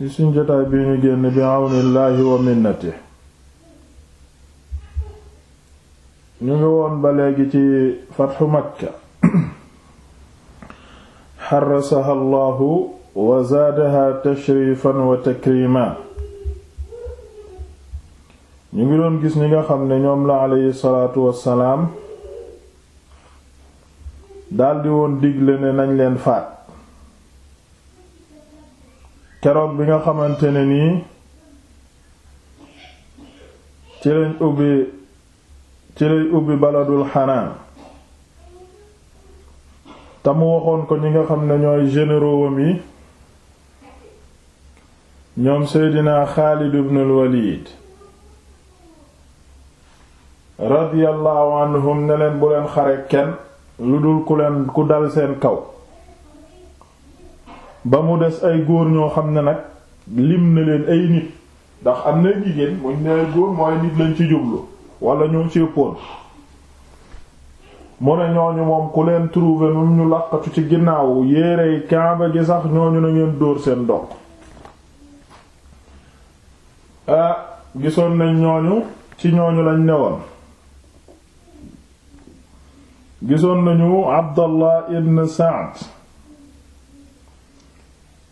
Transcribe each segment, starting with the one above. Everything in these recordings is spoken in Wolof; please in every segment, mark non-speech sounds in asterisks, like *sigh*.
ci suñ jotaay bi ñu génn bi àwnillaahi wa minnati ñu ngi woon ba léegi ci fatxu makka xarasaha allahu wa zaadaha tashrifan wa takrima ñu ngi doon gis ñi nga xam ne ñoom la aleyhi salaatu salaam daldi woon digle ne nañ leen faat keroog bi nga xamante ne nii ci lañ ubbi ci lay ubbi baladul xanaan te waxoon ko ñi nga xam ne ñooy généraux wam yi ñoom seydinaa Xaalid ibnul Walid radiyallahu anhum ne leen bu leen xare kenn lu dul ku leen ku dal seen kaw ba mu des ay góor ñoo xam ne nag lim na leen ay nit ndax am na jigéen muñ ne ay góor mooy nit lañ ci jublu wala ñoo ci ëppoon mu ne ñooñu moom ku leen trouver moom ñu laqatu ci ginnaaw yéerey kaaba gi sax ñooñu na ngeen dóor seen dokk ah gisoon nañ ñooñu ci ñooñu lañ newoon gisoon nañu Abdallah ibn Sa'd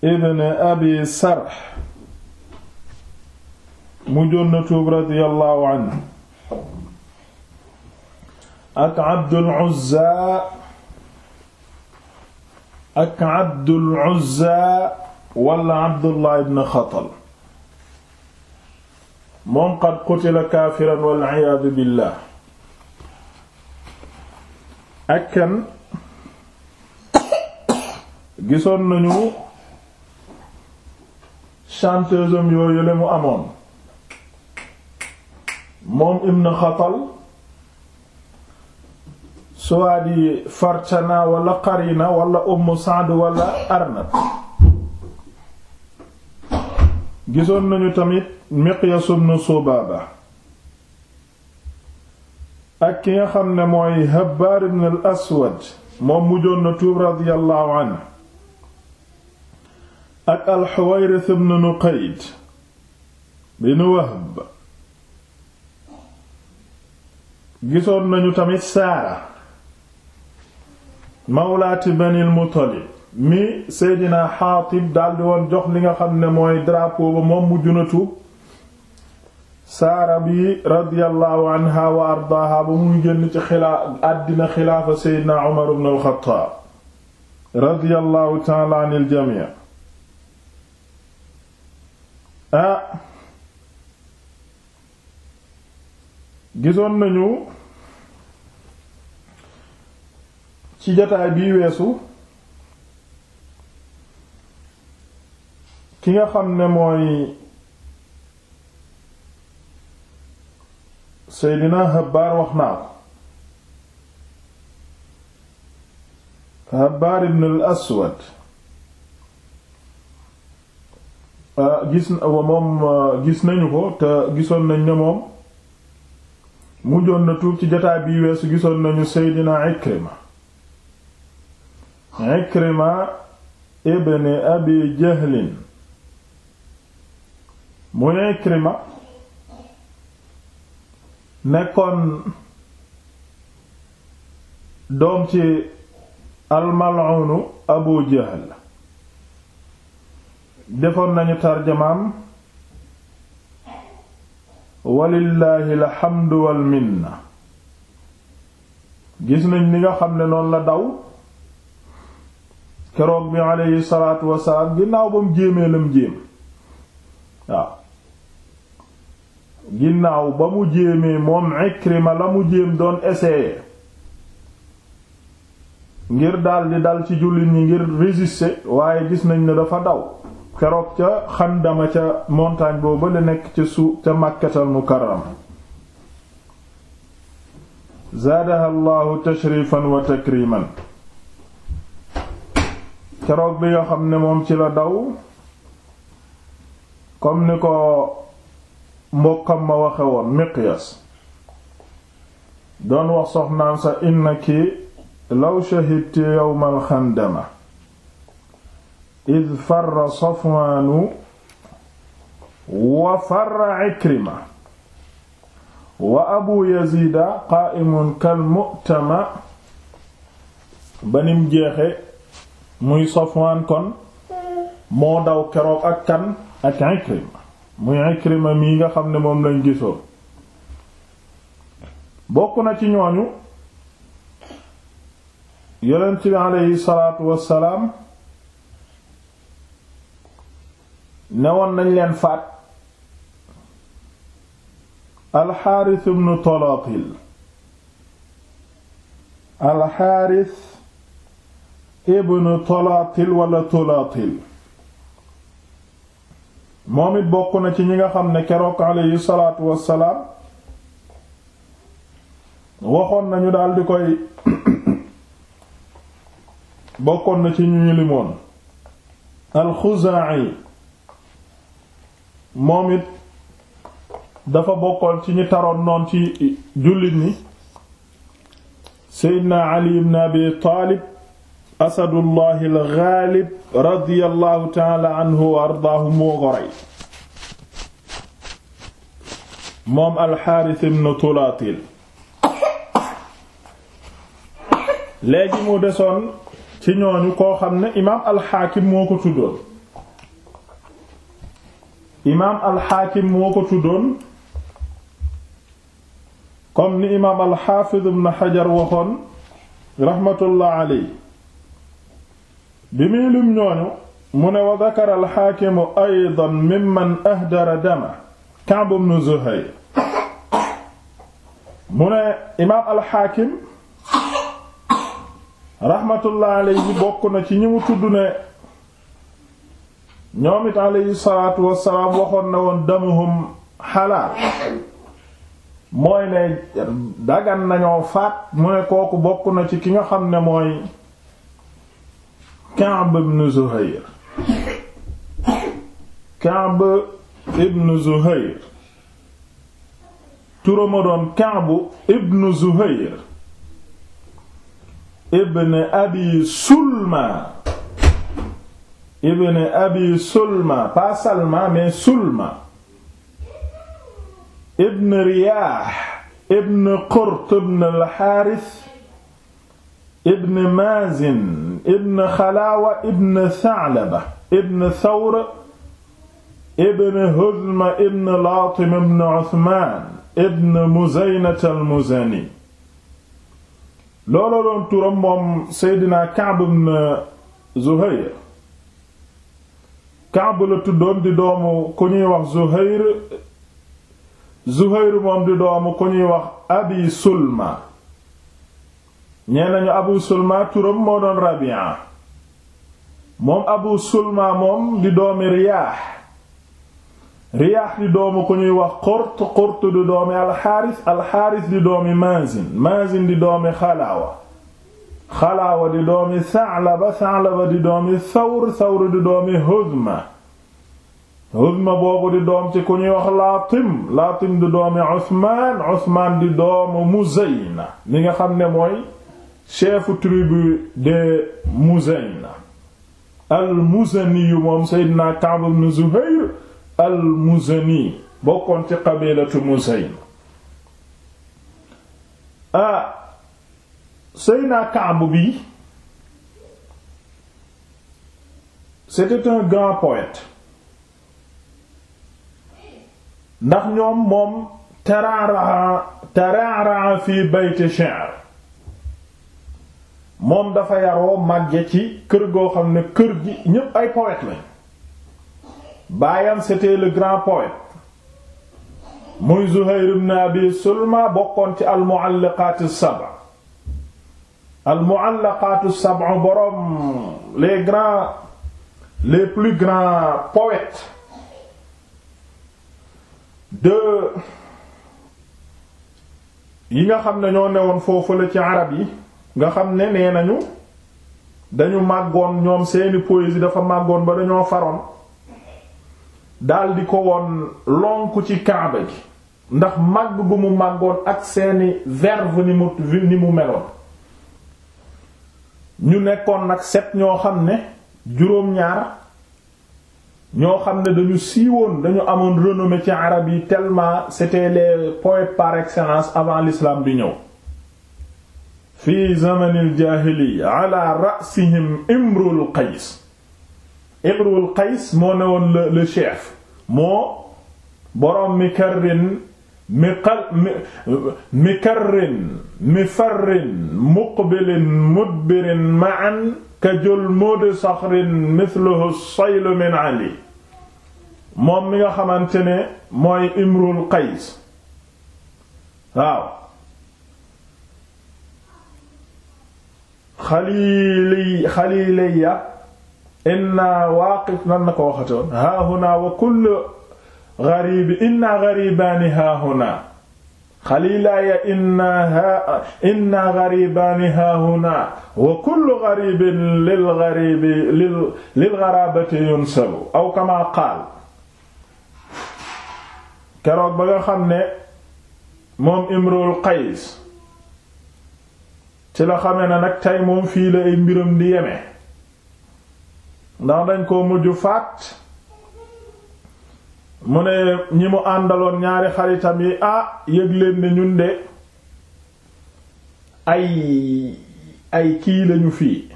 ibn abi sarh mujjoon na tuub radiyallahu anhu ak abdul uzza ak abdul uzza wala abdullah ibn xatal moom qad qutila kaafiran wal iyaadu billah ak kan *coughs* gisoon nañu chanteuse am yooyu mu amoon moom Ibn Xatal suwaadi Farchana wala Qarina wala Umm Sa'd wala Arnab gisoon nañu tamit Miqyas ibn Subaba ak ki nga xam ne mooy Habbar ibn aswad moom mujjoon na tuub radiyallahu anhu ak alxuwayrith ibn nuqayd bin wahb gisoon nañu tamit saara mawlaati benil muttalib mi seydina xaatib daldi woon jox li nga xam ne mooy drapeau ba moom mujj na saara bi radiyallahu anha wa ardaaha ba muy génn ci xilaa àddina xilaafa seydina umar ibn al radiyallahu ta'ala anil jamii ah gisoon nañu ci jotaay bii weesu ki nga xam ne mooy Seydina Habbaar wax naa ko Habbaar ibn al Ah, gis moom ah, gis nañu ko te gisoon nañ ne moom mujjoon na tuub ci jotaay bi weesu gisoon nañu Seydina Ikrima Ikrima ibn Abi Jahlin mu ne nekkoon doom ci almal'unu Abu Jahl defoon nañu tarjamaam walillaahi alxamdu wal minna gis nañ ni nga xam ne noonu la daw keroog bi aleyhi salaatu wasalaam ginnaaw ba mu jéemee la mu jéem waaw ginnaaw ba mu jéemee moom Ikrima la mu jéem doon essayer ngir daldi dal ci jullit ñi ngir résister waaye gis nañ ne dafa daw keroog ca xandama ca montagne boobu la nekk ca suuf ca màkkatal mukarrama zaadaha llahu tashrifan wa takriman keroog bi nga xam ne moom ci la daw kom ni ko mbokkam ma waxe woon miqyas doon wax soxnaan sa innaki law shahidti yawmal xandama id farra safwaanu wa farra ikrima wa abu yazida qaaimun kalmutama banim jeexe muy safwaan kon moo daw keroog ak kan ak ikrima muy ikrima mii nga xam ne moom lañ gisoo bokk na ci ñooñu yonent bi aleyhi salaatu wassalaam newoon nañ leen faat alxaaris ibnu tolaatil alxaaris ibnu tolaatil wala tolaatil moom it bokk na ci ñi nga xam ne keroog aleyhi salaatu wassalaam waxoon nañu daal di koy *coughs* bokkoon na ci ñu ñu limoon alxuzaa'i moom it dafa bokkoon ci ñi taroon noon ci jullit ñi seydna ali ibn abi taalib asadullahi alxaalib radiyallahu taala anhu wa ardaahu moo ko rey moom alxaaris ibn tulaatil léegi mu desoon ci ñooñu koo xam ne imaam alxaakim moo ko tuddoon imaam alxaakim moo ko tuddoon comme ni imaam alxaafid ibn xajar waxoon raxmatullah aley bi muy ñooñu mu ne wa dakara alxaakimu aydan mimman ahdara dama Ka'b ibn Zuhayr mu ne imaam alxaakim raxmatullah aley bokk na ci ñi mu tudd ne ñoom it aleyhi salaatu wassalaam waxoon na woon damuhum xalaal mooy ne dagan nañoo faat mu ne kooku bokk na ci ki nga xam ne mooy Ka'b ibn Zuhayr Ka'b ibn Zuhayr turama doon Ka'b ibn Zuhayr ibn Abi Sulma ibn abi sulma pas salma mais sulma ibn riyaah ibn qurt ibn alxaaris ibn maazin ibn xalaawa ibn sa'laba ibn thawr ibn huzma ibn laatim ibn usmaan ibn muzaynat almuzani looloo doon turam moom seydina ka'b ibn zuhayr Kaab la di doomu ku ñuy wax Zuhayr Zuhayr moom di doomu ku ñuy wax Abi Sulma ñee nañu Abu Sulma turam moo doon Rabia moom Abu Sulma moom di doomi Riyaax Riyaax di doomu ku ñuy wax Qurt Qurt di doomi Alxaaris Alxaaris di doomi Maazin Maazin di doomi Xalaawa xalaawa di doomi Sa'laba Sa'laba di doomi Sawr Sawr di doomi Huzma Huzma boobu di doom ci ku ñuy wax Laatim Laatim di doomi Usmaan Usmaan di doomu Muzayna mi nga xam ne mooy chefu tribu de Muzayna al-Muzani yu moom Seydina Ka'b ibn Zuhayr al-Muzani bokkoon ci qabiilatu Muzayna ah Seyna Kaab bi c'était un grand poète ndax ñoom moom tararaa tararaa fi bayt shi'r moom dafa yaroo màgge ci kër goo xam ne kër gi ñépp ay poète lañ baayam c'était le grand poète muy Zuhayr ibn Abi Sulma bokkoon ci al saba al muallaqatu sab'u borom les grands les plus grands poètes de yi nga xam ne ñoo newoon foofu la ci arab yi nga xam ne nee nañu dañu màggoon ñoom seeni poésie dafa màggoon ba dañoo faroon daldi ko woon lonk ci kaaba gi ndax màgg bu mu màggoon ak seeni verve ni mu ni mu meloon ñu nekkoon nag set ñoo xam ne juróom-ñaar ñoo xam ne dañu siiwoon dañu amoon renommée ci arab yi tellement c'était les poètes par excellence avant l'islam bi ñëw fi zamanil jaahiliya ala ra'sihim imrul qays imrul qays moo ne woon le chef moo boroom mi karrin miqal mikarrin mifarrin muqbilin mudbirin ma'an kajulmudi saxrin mithluhu saylu min ali moom mi nga xamante ne mooy imrul qays waaw xalili xaliliya inna waaqif nan na ko waxatoon haahunaa wa kullu garibi inna garibaani haahuna xalilaaya inna inna garibaani haahuna wa kullu garibin lil garibi lil garabati yunsabu aw kama qaal keroog ba nga xam ne moom imrul qays ci xamee na nag tey moom fii la ay yeme ndax dañ ko mujj faat mu ne ñi mu àndaloon ñaari xaritam yi ah yëg leen ne ñun de ay ay kii lañu fii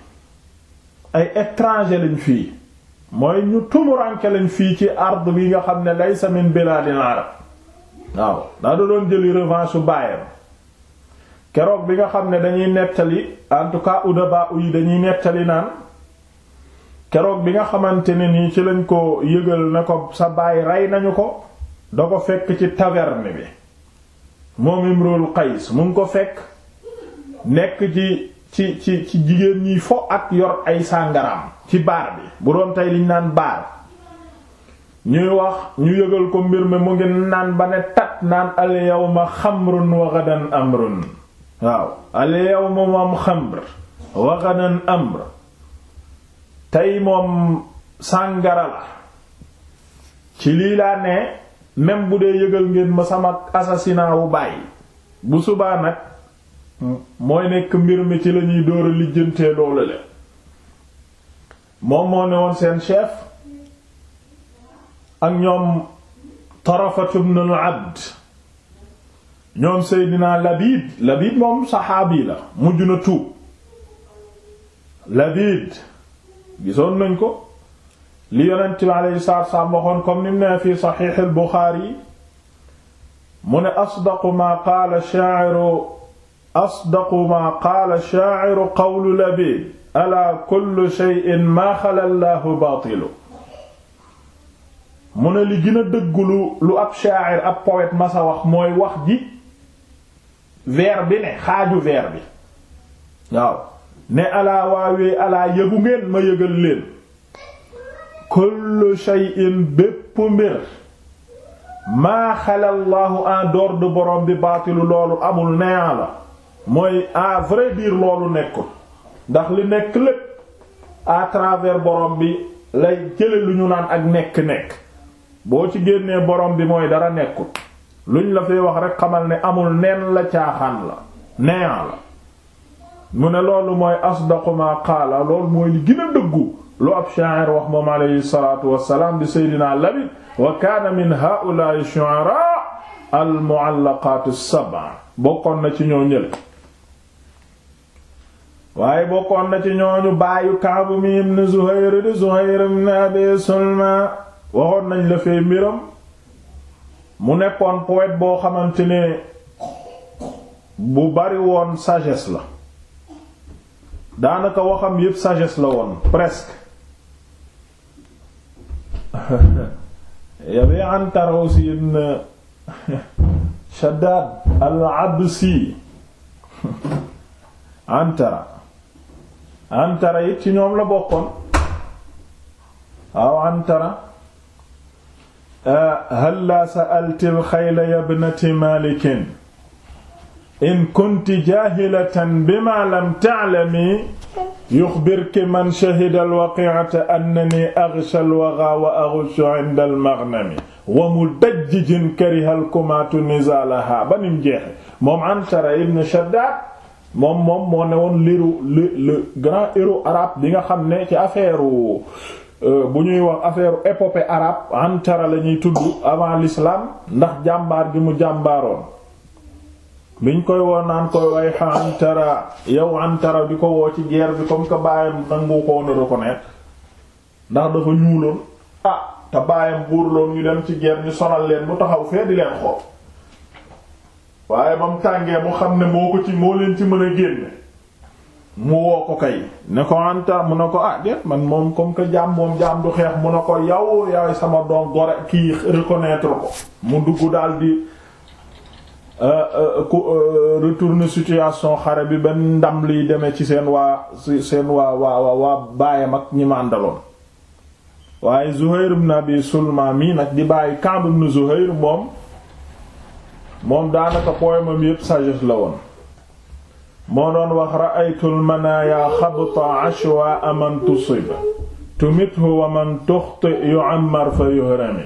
ay étranger lañ fii mooy ñu tumuranke lañ fii ci ard bi nga xam ne laysa min biladil arab waaw daa doon jëli revanche su bàyyam keroog bi nga xam ne dañuy nettali en tout cas udaba yi dañuy nettali naan keroog bi nga xamante ne nii ci lañ ko yëgal na ko sa baay rey nañu ko da ko fekk ci taverne bi moom Imrul Qays mu ngi ko fekk nekk ci ci ci ci jigéen ñi fo ak yor ay sàngaram ci baar bi bu doon tey liñ naan baar ñuy wax ñu yëgal ko mbir mi mu ngi naan ba ne tat naan al yawma xamrun wa amrun waaw al yawma moom xamr wa amr tey moom sàngara la ci lii laa ne même bu dee yëgal ngeen ma sama assassinat wu bàyyi bu subaa nag mooy nekk mbir mi ci lañuy dóora lijjantee loolu le moom moo ne woon seen chef ak ñoom Tarafatu ibn al-Abd ñoom Seydina Labid Labid moom saxaabi la mujj na tuub Labid gisoon nañ ko li yonent bi alayhi salaatu salaam waxoon comme ni mu nee fi saxiix al-Buxaari mu ne asdaqu maa qaala shaa'iru asdaqu maa qaala shaa'iru qawlu Labiid alaa kullu shay'in maa xalaa Allaahu baatilu mu ne li gën a dëggulu lu ab shaa'ir ab poète masa wax mooy wax ji vers bi ne xaaju vers bi waaw ne alaa waawee alaa yëgu ngeen ma yëgal leen kullu shay'in bépp mbir maa xalallaahu en dehors de borom bi baatilu loolu amul neyaa la mooy à biir dire loolu nekkul ndax li nekk lépp à travers borom bi lay jële lu ñu naan ak nekk-nekk boo ci génnee borom bi mooy dara nekkul luñ la fay wax rekk xamal ne amul nen la caaxaan la neyaa la mu ne loolu mooy asdaqu ma qaala loolu mooy li gën a dëggu lu ab sha'ir wax moom alayhi salaatu wassalaam di seydinaa Labid wa kaana min haa'ulaa'i shu'araa al-mu'allaqaat bokkoon na ci ñoo ñële waaye bokkoon na ci ñu baayu Ka'b mi ibn Zuhayr di Zuhayr ibn Abi Sulma waxoon nañ la fee mbiram mu nekkoon poète boo xamante ne bu bari woon sagesse la daanaka waxam yépp sagesse la woon presque *laughs* yabi Antara aussi ibn *laughs* Shaddad al-Absi *laughs* Antara Antara it ci ñoom la bokkoon waaw Antara uh, hal sa'alti al-khayla ya Malikin in kunti jaahilatan bima lam ta'lami yuxbirki man shahida alwaqi'ata annani aghsha alwagha wa aghshu 'inda almaghnami wa mudajjijin kariha alkumaatu nizaalaha ba nim jeexe moom Antara ibn Shaddad moom moom moo ne woon liru le le grand héros arabe bi nga xam ne ci affaire euh, bu ñuy wax affaire épopée arabe Antara la tudd avant l'islam ndax jàmbaar bi mu jàmbaaroon biñ koy woo naan koy way xa antara yow antara di ko woo ci guerre bi comme que baayam nangu ko woon reconnaître ndax dafa ñuuloon ah te baayam buur loon ñu dem ci guerre ñu sonal leen mu taxaw fee di leen xool waaye ba mu tàngee mu xam ne moo ko ci moo leen ci mën a génne mu woo ko kay ne ko anta mu ne ko ah déet man moom comme que jaam moom jaam du xeex mu ne ko yow yaay sama doom gore kii reconnaître ko mu dugg daal di Euh, euh, ku euh, retourne situation xare bi ba ndam li demee ci seen waa seen waa waa waa baayam ak ñi waaye Zuhayr ibn Abi Sulma mii nag di bàyyi Ka'b ibn Zuhayr moom moom daanaka poemam yépp sagesse la woon moo doon wax ra'aytul manaya xabta ashwa aman tusib tumithu wa man tuxti yu'ammar fa yuhrami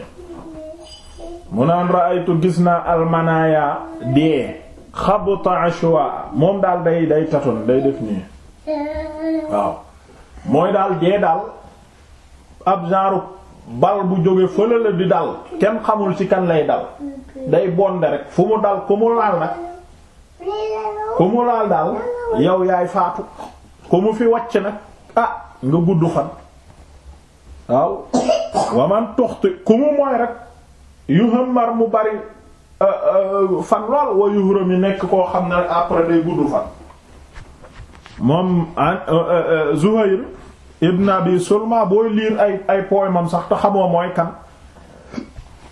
mu naan raaytu gis naa almanaya dee xabuta ashwa moom daal day day taton day def nii waaw mooy daal dee daal ab genre bal bu jóge fële la di dal kenn xamul ci kan lay dal day bonde rek fu mu dal ku mu laal nag ku mu laal daal yow yaay faatu ku mu fi wàcc nag ah nga gudd fan waaw waman toxti ku mu mooy rek yuhammar mu bari euh, euh, fan lool wa yuhram yi nekk koo xam na après day gudd fan moom ah, euh, Zuhayr ibn Abi Sulma booy liir ay ay poemam sax te xamoo mooy kan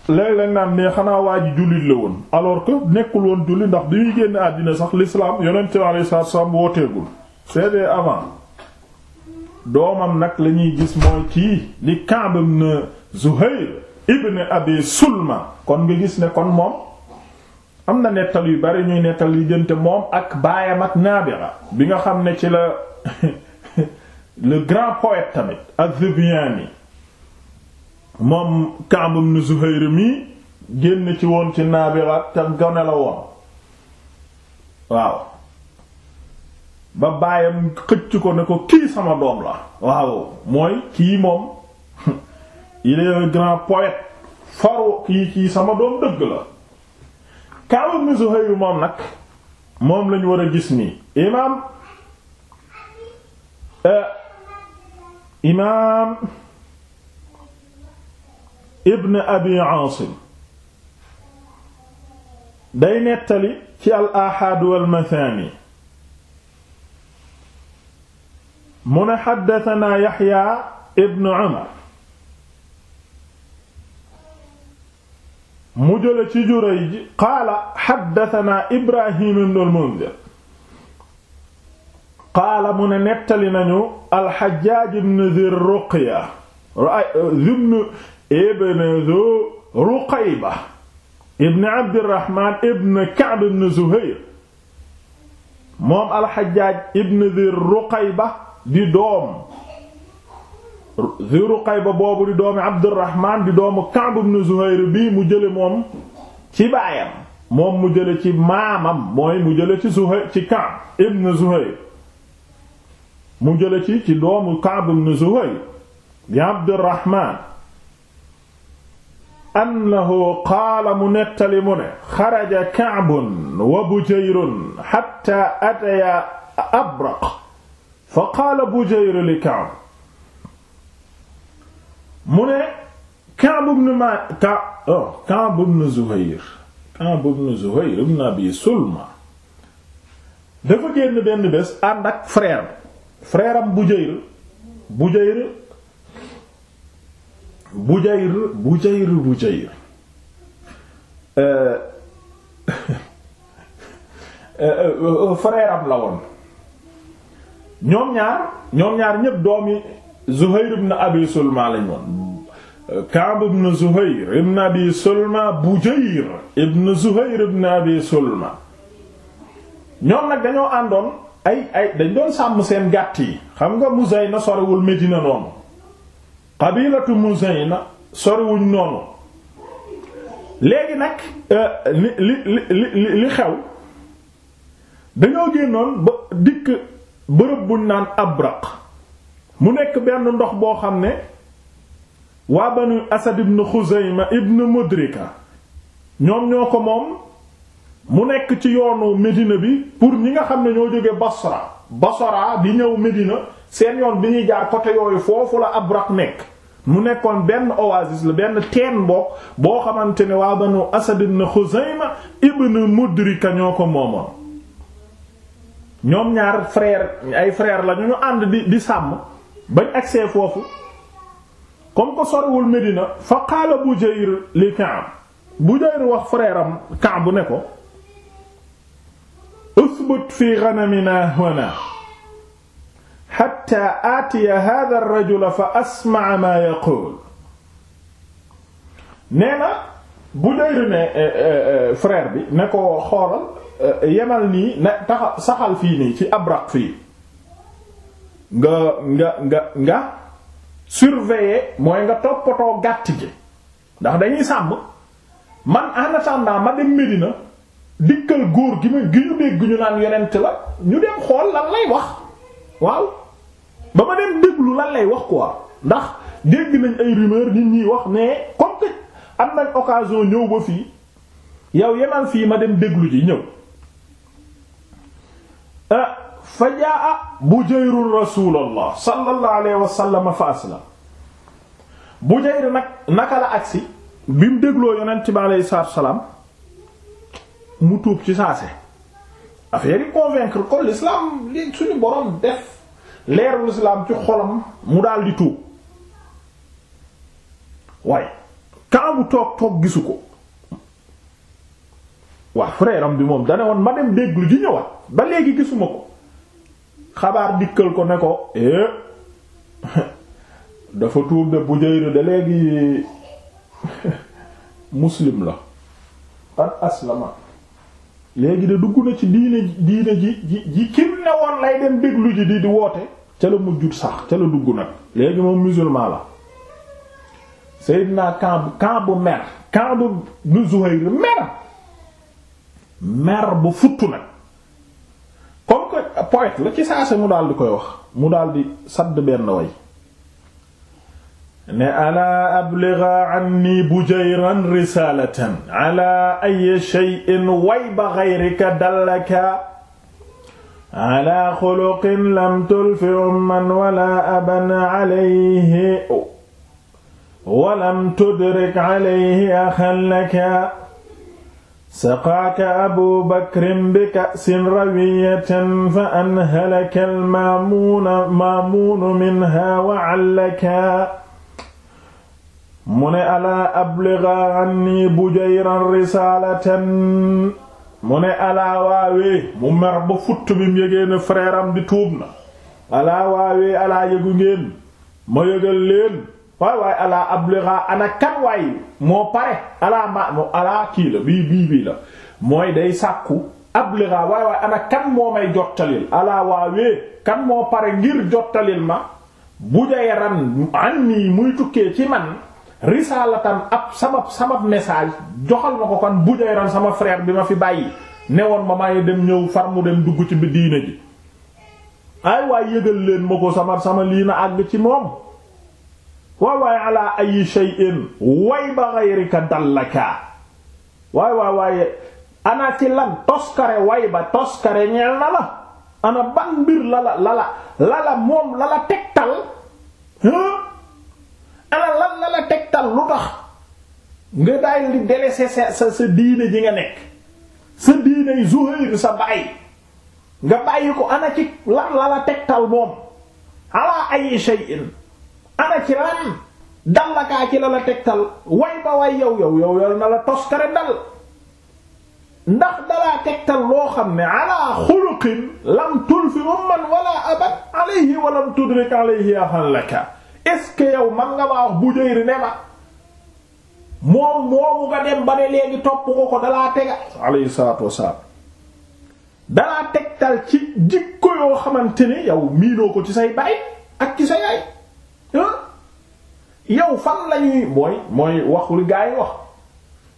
léeg-léeg naan ne xanaa waa ji jullit la woon alors que nekkul woon jullit ndax bi muy génn àddina sax l'islam yonente alayhi salaatu wasallam wooteegul c'est avant doomam nag lañuy gis mooy kii li Ka'b ibn Zuhayr ibn abi sulma kon nga gis ne kon moom am na nettal yu bari ñuy nettal diggante moom ak baayam ak Naabiga bi nga xam ne ci la *laughs* le grand poète tamit Az-Zubyani moom Ka'b ibn Zuhayr mi génn ci woon ci Naabiga tam gone la woon waaw ba baayam xëcc ko ne ko kii sama doom la waaw mooy kii moom il est un grand poète faro kii sama doom dëgg la Ka'b ibn Zuhayr moom nag moom lañu war a gis nii imaam eh, imaam ibn abi Aasim day nettali ci al ahad wal mathaani mu ne xaddatanaa Yaxya ibn Umar mu jële ci Jurayj qaala xaddatanaa Ibrahim ibn al-Munzir qaala mu ne nettali nañu al-Hajjaaj ibn Dhi Ruqya ibn ibn Dhu Ruqayba ibn Abdirahmaan ibn Ka'b ibn Zuhayr moom al-Hajjaaj ibn Dhi Ruqayba di doom Zu Ruqayba boobu di doomi Abdurrahman di doomu Ka'b ibn Zuhayr bii mu jële moom ci baayam moom mu jële ci maamam mooy mu jële ci Zuhayr ci Ka'b ibn Zuhayr mu jële ci ci doomu Ka'b ibn Zuhayr di Abdurrahman annahu qaala mu nettali mu ne xaraja Ka'bun wa Bujayrun hatta ataya Abraq fa qaala Bujayr li Ka'b mu ne Ka'b ibn ma Ka oh, Ka'b ibn Zuhayr Ka'b ibn Zuhayr ibn Abi Sulma dafa génn benn bés ànd ak frère frère am Bujayr Bujayr bu Bujayr bu euh, *laughs* euh, euh, frère am la woon ñoom ñaar ñoom ñaar ñépp doomi Zuhayr ibn Abi Sulma lañ woon Ka'b ibn Zuhayr ibn Abi Sulma Bujayr ibn Zuhayr ibn Abi Sulma ñoom nag dañoo àndoon ay ay dañ doon sàmm seen gàtt yi xam nga Muzayna soriwul Medina noonu qabilatu Muzayna soriwuñ noonu léegi nag euh, li li li li xew dañoo génnoon ba dikk bërëb buñ naan Abraq mu nekk benn ndox boo xam ne waa banu asad ibn xuzayma ibn mudrika ñoom ñoo ko moom mu nekk ci yoonu médina bi pour ñi nga xam ne ñoo jógee basra basra bi ñëw médina seen yoon bi ñuy jaar côté yooyu foofu la abraq nekk mu nekkoon benn oasis la benn teen bokk boo xamante ne waa banu asad ibn xuzayma ibn mudrika ñoo ko moomoon ñoom ñaar frère ay frère la ñu ñu ànd di di sàmm bañ agsee foofu comme ko sorewul Medina fa qaala Bujayr li Ka'b Bujayr wax frère am Ka'b ne ko usbut fi ghanamina huna hatta aatiya hadha ar-rajul fa asma'a ma yaqul nee na Bujayr ne eh, eh, eh, frère bi ne ko xoolal yemal nii ne taxa saxal fii nii ci abraq fii nga nga nga nga surveiller mooy nga toppatoo gàtt gi ndax dañuy sàmm man en attendant ma dem Medina dikkal góor gi mu gi ñu dégg ñu naan yonent la ñu dem xool lan lay wax waaw ba ma dem déglu lan lay wax quoi ndax dégg nañ ay rumeur nit ñi wax ne comme que am nañ occasion ñëw ba fii yow yemal fii ma dem déglu ji ñëw euh, fa jaa Bujayr rasulallah sallallahu alayhi wa fa aslam Bujayr nag naka la agsi bi mu dégloo yonent bi alayhi salaam mu tuub ci saase affaire yi convaincre ko l'islam li suñu borom def leeru l'islam ci xolam mu daal di tuub waaye kaabu toog toog gisu ko waa frère bi moom dane woon ma dem déglu ji ñëwaat ba léegi gisuma ko xabaar dikkal ko ne ko eh *laughs* dafa tuub de Bujayr de léegi *laughs* muslim la qad aslama léegi de dugg na ci diine diine ji ji ji kim ne woon lay dem déglu ji di di woote ca la mujjut sax ca la dugg nag léegi moom musulman la Seydina Kaab Kaabu mer Kaabu nu Zuhayr mer mer bu futtu nag poète la ci saase mu daal di koy wax mu daal di sadd benn way ne alaa abligha anni bujayran risalatan ala ay shay'in wayba ghayrika dallaka ala xuluqin lam tulfi umman wala aban alayhi walam tudrik alayhi axan laka saqaaka abu bakrin bi ka'sin rawiyatan fa anhalaka almaamuuna maamuunu minha wa allaka mu ne alaa abliga anni bujayran risaalatan mu ne alaa waawee mu mer ba futt bi mu yégée na frère am di tuub na alaa waawee alaa yégu ngeen ma yégal leen waay waay alaa abligha ana kan waay moo pare alaa ma alaa kii la bii bii bii la mooy day sàkku abligha waay waay ana kan moo may jottalil alaa waawee kan moo pare ngir jottalil ma bu jayaran an muy tukkee ci man risalatan ab sama sama message joxal ma ko kan bu jayaran sama frère bi ma fi bàyyi newoon ma may dem ñëw far mu dem dugg ci bi diine ji ay waay yëgal leen ma ko sama sama lii na àgg ci moom waay ay ala ayi shay'in way ba ghayrika dallaka waay waay waaye ana ci lan toskare way ba toskare ñeel na la ana ban mbir lala lala lala moom lala tegtal ana lan lala tegtal lu tax nga daay di délaisser sa sa sa diine ji nga nekk sa diine yi Zuhayr sa baay nga bàyyi ko ana ci lan lala tegtal moom ala ayi shay'in ana ci lan dal la kaa ci la la tegtal way ba way yow yow yow na la toskare dal ndax dalaa tegtal loo xam ne ala xuluqin lam tulfi umman wala abad alayhi wa lam tudrik alayhi ahan laka est-ce que yow man nga ma wax bu jëyri ne ma moom moomu nga dem ba ne léegi topp ko ko dalaa tega alayhi salaatu wasalaam dalaa tegtal ci jikko yoo xamante ni yow miinoo ko ci say baay ak ci sa yaay yow fan lañuy mooy mooy waxu gaa yi wax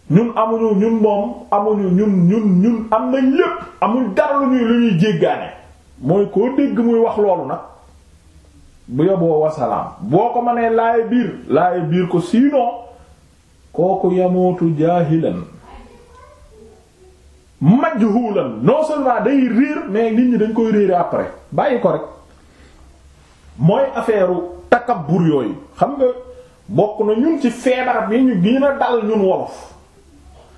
ñun amuñu ñun moom amuñu ñun ñun ñun am nañ lépp amuñ dara lu ñuy jéggaane mooy koo dégg muy wax loolu na bu yoboo wasalaam boo ko mënee laay biir laay biir ko sinon kooku yamootu jaahilan majhulan non seulement day réer mais nit ñi dañ koy réere après bàyyi ko rek mooy affaire takabbur yooyu xam nga bokk na ñun ci feebar bi ñu gën a dal ñun wolof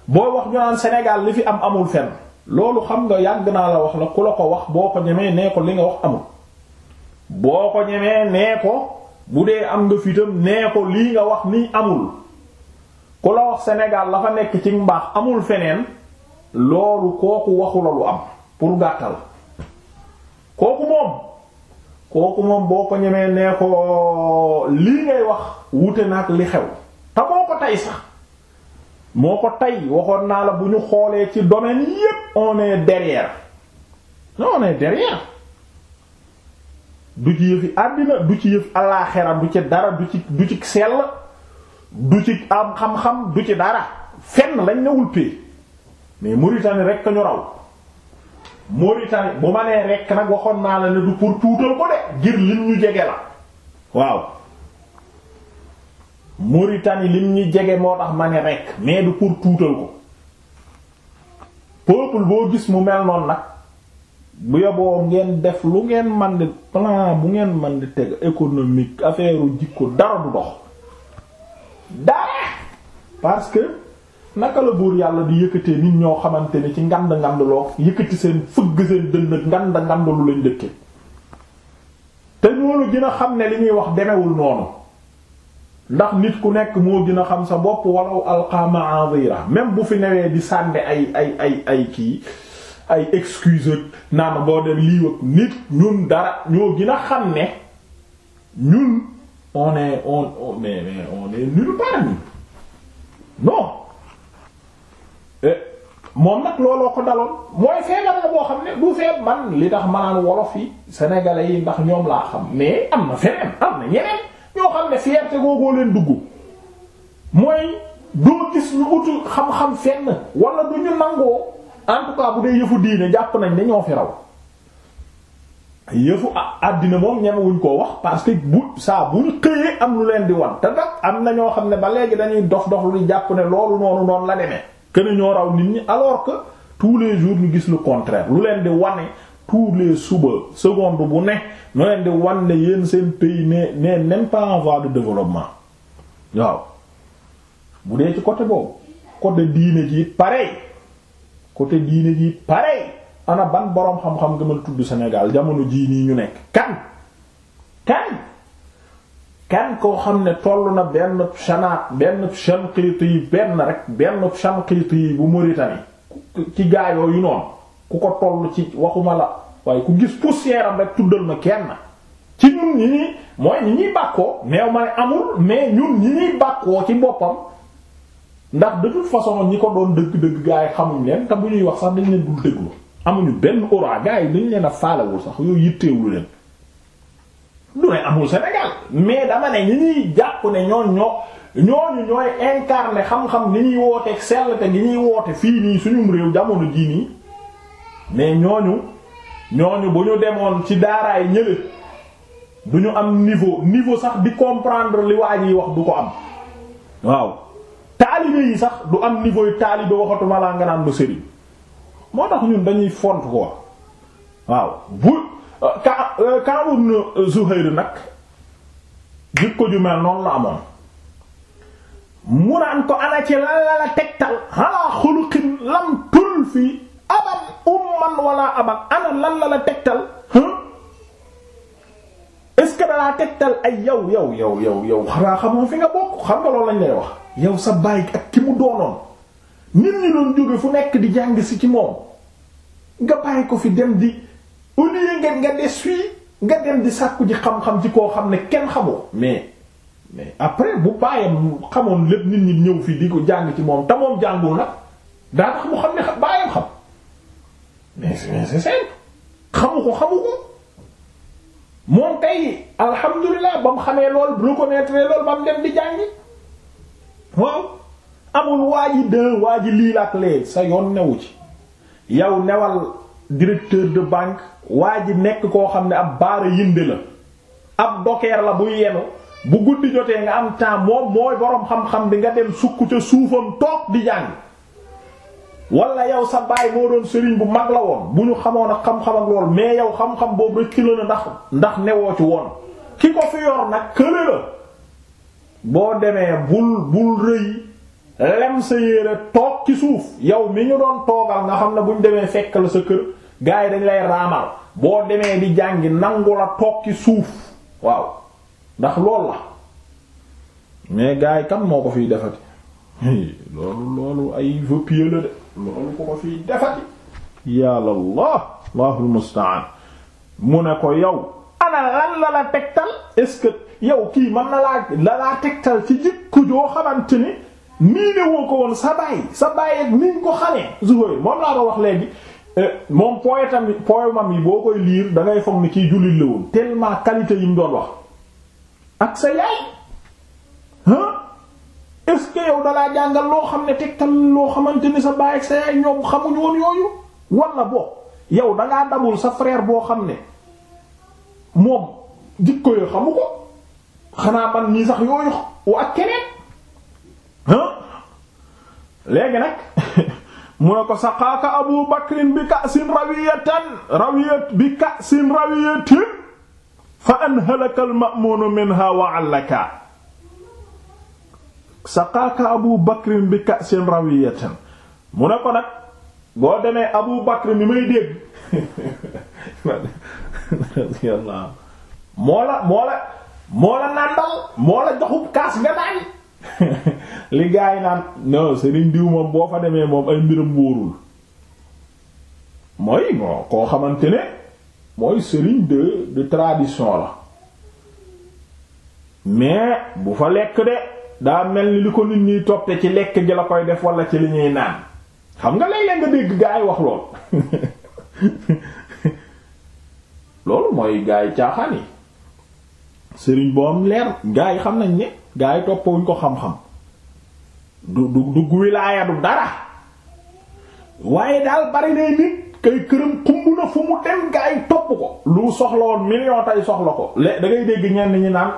booy wax ñu naan li fi am amul fen loolu xam nga yàgg naa la wax la ku la ko wax boo ko ñemee nee ko li nga wax amul boo ko ñemee nee bu dee am nga fitam nee lii nga wax nii amul ku la wax Sénégal la fa nekk ci mbaax amul feneen loolu kooku waxu la lu am pour gàttal kooku moom kooku moom boo ko ñemee nee ko lii ngay wax wute nag li xew te moo ko tey sax moo ko tey waxoon naa la bu ñu xoolee ci domaine yépp on est derrière non du ci yëfi àddina du ci yëf alaaxera du ci dara du ci du ci sell du ci am xam-xam du ci dara fenn lañ newul pee mais Mauritanie rek ka raw Mauritanie bu ma nee rekk nag waxoon naa la ne du pour tuutal ko de ngir lim ñu jege la waaw Mauritanie lim ñu jege moo tax ma ne rekk mais du pour tuutal ko peuple boo gis mu mel noonu nag bu yoboo ngeen def lu ngeen man di plan bu ngeen man di teg économique affaire jikko dara du dox dara parce que naka la buur yàlla di yëkkatee nit ñoo xamante ni ci ngand ngand yëkkati seen fëgg seen dënn ak ngand ngand lu lañ dëkke te ñoolu gën a xam ne li ñuy wax demewul noonu ndax nit ku nekk moo gën a xam sa bopp walaw alqa ma'azira même bu fi newee di sànde ay ay ay ay kii ay excuse naan boo dem lii wëg nit ñun dara ñoo gën a xam ne ñun on est on mais mais on est nulle Eh, moom nag looloo ko daloon mooy feebar boo xam ne du feeb man li tax manaan wolof yi sénégalais yi ndax ñoom laa xam mais am na feneen am na ñeneen ñoo xam ne fierté googoo leen dugg mooy doo xam-xam fenn wala du ñu nangoo en tout jàpp nañ ne ñoo fi raw yëfu moom ñemewuñ koo wax parce que bu saa bu ñu xëyee am lu leen di wan te nag am na ñoo xam ne ba léegi dañuy dof dof lu jàpp ne loolu noonu noonu la demee. que ñoo raw nit ñi alors que tous les jours ñu gis lu contraire lu leen di wane tous les suba seconde bu ne ñu leen di wan ne yéen seen pays ne ne même pas en voie de développement waaw bu dee ci côté boobu côté diine ji pareil côté jii ji pareil ana ban boroom xam-xam nga ma tudd Sénégal jamono jii nii ñu nekk kan kan kan koo xam ne toll na benn shanaat benn shanqiit yi benn rek benn shanqiit bu Mauritanie ci gaayoo yu noonu ku ko toll ci waxuma la waaye ku gis poussière rek tuddal ma kenn ci ñun ñi ñuy mooy ñi ñuy bàkkoo neew ma amul mais ñun ñi ñuy bàkkoo ci boppam ndax de toute façon ñi ko doon dëgg-dëgg gaa yi xamuñ leen te bu ñuy wax sax dañ leen dul déglu amuñu benn aura gaa yi dañ leen a faalewul sax yooyu yitteewlu leen du ne amul Sénégal mais dama ne ñi ñuy jàpp ne ñoon ñoo ñooñu ñooy ne xam-xam ni ñuy wooteeg sell te gi ñuy woote fii nii suñum réew jamono jii nii mais ñooñu ñooñu bu ñu demoon ci daaraay ñële du ñu am niveau niveau sax di comprendre li waa ji wax du ko am waaw taalibe yi sax du am niveau yu taalibe waxatuma laa nga naan ba sëriñ moo tax ñun dañuy font ko waaw Ka euh, Ka'b ibn Zuhayr nag jikko ju mel noonu la amoon mu naan ko ana ci lan la la tegtal ala xuluqin lam tulfi aban umman wala aban ana lan la la tegtal est-ce que dalaa tegtal ay yow yow yow yow yow xanaa xamoo fi nga bokk xam nga loolu lañ lay wax yow sa baay ak ki mu doonoon nit ñi doon jóge fu nekk di jàng si ci moom nga bàyyi ko fi dem di au lieu nga nga nga dem di sàkku ji xam-xam ci koo xam ne kenn xamoo mais mais après bu baayam xamoon lépp nit ñi ñëw fii di ko jàng ci moom te moom jàngul nag daa mu xam ne baayam xam xamu ko xamu ko moom tey alhamdulilah ba xamee lool reconnaître lool ba mu dem di jàngi waaw amul waa ji dë waa ji lii la ak lee sa yoon newu ci yow newal directeur de banque waa ji nekk koo xam ne ab baara yinde la ab dokeer la bu yenu bu guddi jotee nga am temps moom mooy boroom xam-xam bi nga dem sukk ca suufam toog di jàng wala yow sa baay moo doon sëriñ bu mag la woon bu ñu xamoon ak xam-xam ak lool mais yow xam-xam boobu rek kilo na ndax ndax newoo ci woon ki ko fi yor nag kële la boo demee bul bul rëy lem sa yére toog ci suuf yow mi ñu doon toogal nga xam na bu ñu demee fekk la sa kër gars yi dañ lay raamal boo demee di jàngi nangu la toog suuf waaw ndax lool la mais gars yi moo ko fiy defati loolu loolu ay vœux pieux la de loolu ko ko fiy defati yàlla allah allahul ne ko yow ana lan la la tegtal est yow kii mën na laa la laa tegtal ci jikko joo xamante ni nii ne woo ko woon sa baay sa baay ak niñ ko xamee Zuhayr moom laa ko wax léegi moom poètam poèmam yi boo koy liir da ngay foog ni ciy jullit la woon tellement qualité yi doon wax ak sa yaay ah est-ce que jàngal loo xam ne teg tegtal loo xamante ni sa baay ak sa yaay ñoom xamuñu woon yooyu walla boo yow dangaa dabul sa frère boo xam ne moom jikko yoo xamu ko xanaa man nii sax yooyu ak keneen ah léegi nag *laughs* mu ne ko saqaaka abu bakrin bi ka'sin rawiyatan rawiyat bi ka'sin rawiyatin fa anhalaka al-ma'mun minha wa 'allaka saqaaka abu bakrin bi ka'sin rawiyatan mu ne ko nag boo demee abu bakrin mi may dégg moo la moo la moo la nandal moo la joxub kaas nga naan li gaa yi naan non Serigne diw moom boo fa demee moom ay mbiram wóorul mooy moo koo xamante ne mooy Serigne de de tradition la mais bu fa lekk de daa mel ni li ko nit ñuy toppe ci lekk gi la koy def walla ci li ñuy naan xam nga léeg-léeg nga dégg gaa yi wax lool *laughs* loolu mooy gaa yi caaxaan yi Serigne leer gaa xam nañ ne. gaa yi toppawuñ ko xam-xam du du du wilaaya du dara waaye daal bari nay nit kay këram xumb na fu mu dem gaa topp ko lu soxla woon tay soxla ko le- da ngay dégg ñenn ñi naan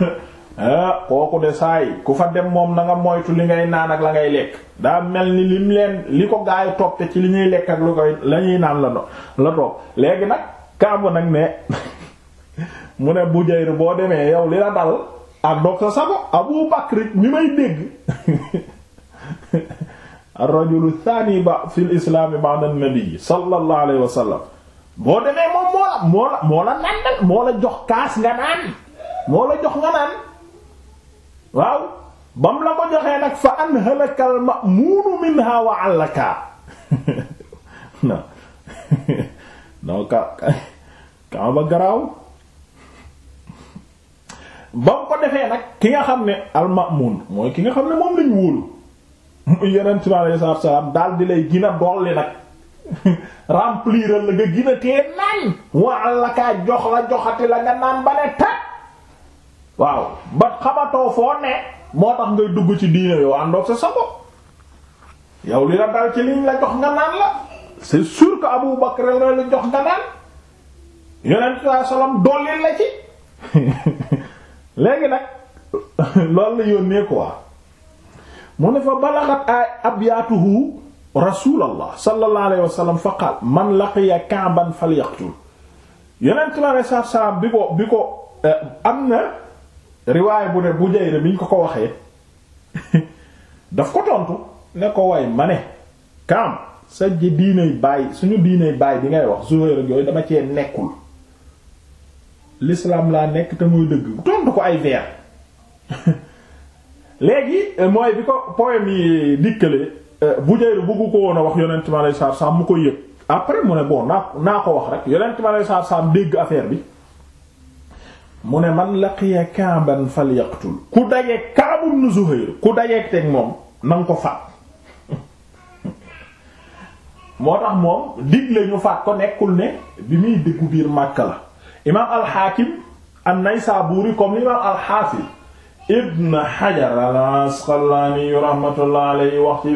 *laughs* ah, kooku de saa ku fa dem moom na nga moytu li ngay naan ak la ngay lekk daa mel ni lim leen li ko gaa yi topp ci li ñuy lekk ak lu koy la ñuy naan la do- la toog léegi nag kàmb nag ne *laughs* mu ne bu jayru boo demee yow li la dal ak docteur Sabo Abu Bakr mi may dégg ar-rajulu thani ba fil islaami ba'da an-nabi sallallahu alayhi wa sallam boo demee moom moo la moo la moo la nandal moo la jox kaas nga naan moo la jox nga naan waaw bam la ko joxee nag fa anhalaka al-ma'muunu minha wa 'allaka non non ka ka ba garaaw ba mu ko defee nag ki nga xam ne almamun mooy ki nga xam ne moom lañ wóolu mu yonent bi alayhi salaatu salaam daal di lay gina dolli nag remplir la nga gina tee naan waal la kaa jox la joxati la nga naan ba ne tat waaw moo tax ngay dugg ci diine yow àndoog sa sa bopp yow li ci liñ la jox nga naan la c'est sûr que Abu Bakr la jox nga la ci *laughs* léegi nag loolu la yónnee quoi mu ne fa balaxat ay abyaatuhu rasulallah sallallahu alayhi man laqiya ka'ban falyaqtul yonent bi alayhi salaatu wa bi ko bi ko eh, am na riwaay bu ne bu jayre bi ñu ko ko waxee daf ko tontu ne ko way ma ne kaam sa diinay baay suñu diinay baay bi ngay wax Zuhayr yooyu dama cee nekkul lislaam laa nekk te muy dëgg tontu ko ay vers *laughs* léegi euh, mooy bi ko poème yi dikkale euh, Bujayru bëggu ko woon a wax yonent mi alayhi salaatu salaam mu koy yëg après mu ne bon naa naa ko wax rek yonent mi alayhi salaatu salaam dégg affaire bi mu ne man laqiya Ka'ban falyaqtul ku dajeeg Ka'b ibn Zuhayr ku dajeeg teg moom nang ko faat *laughs* moo tax moom digle ñu faat ko nekkul ne bi muy déggu biir Màkka la imaam alxaakim an-Naysaabuuri comme imaam alxaafiz ibn Hajar al-Asqalaani rahmatullahi alayhi wax ci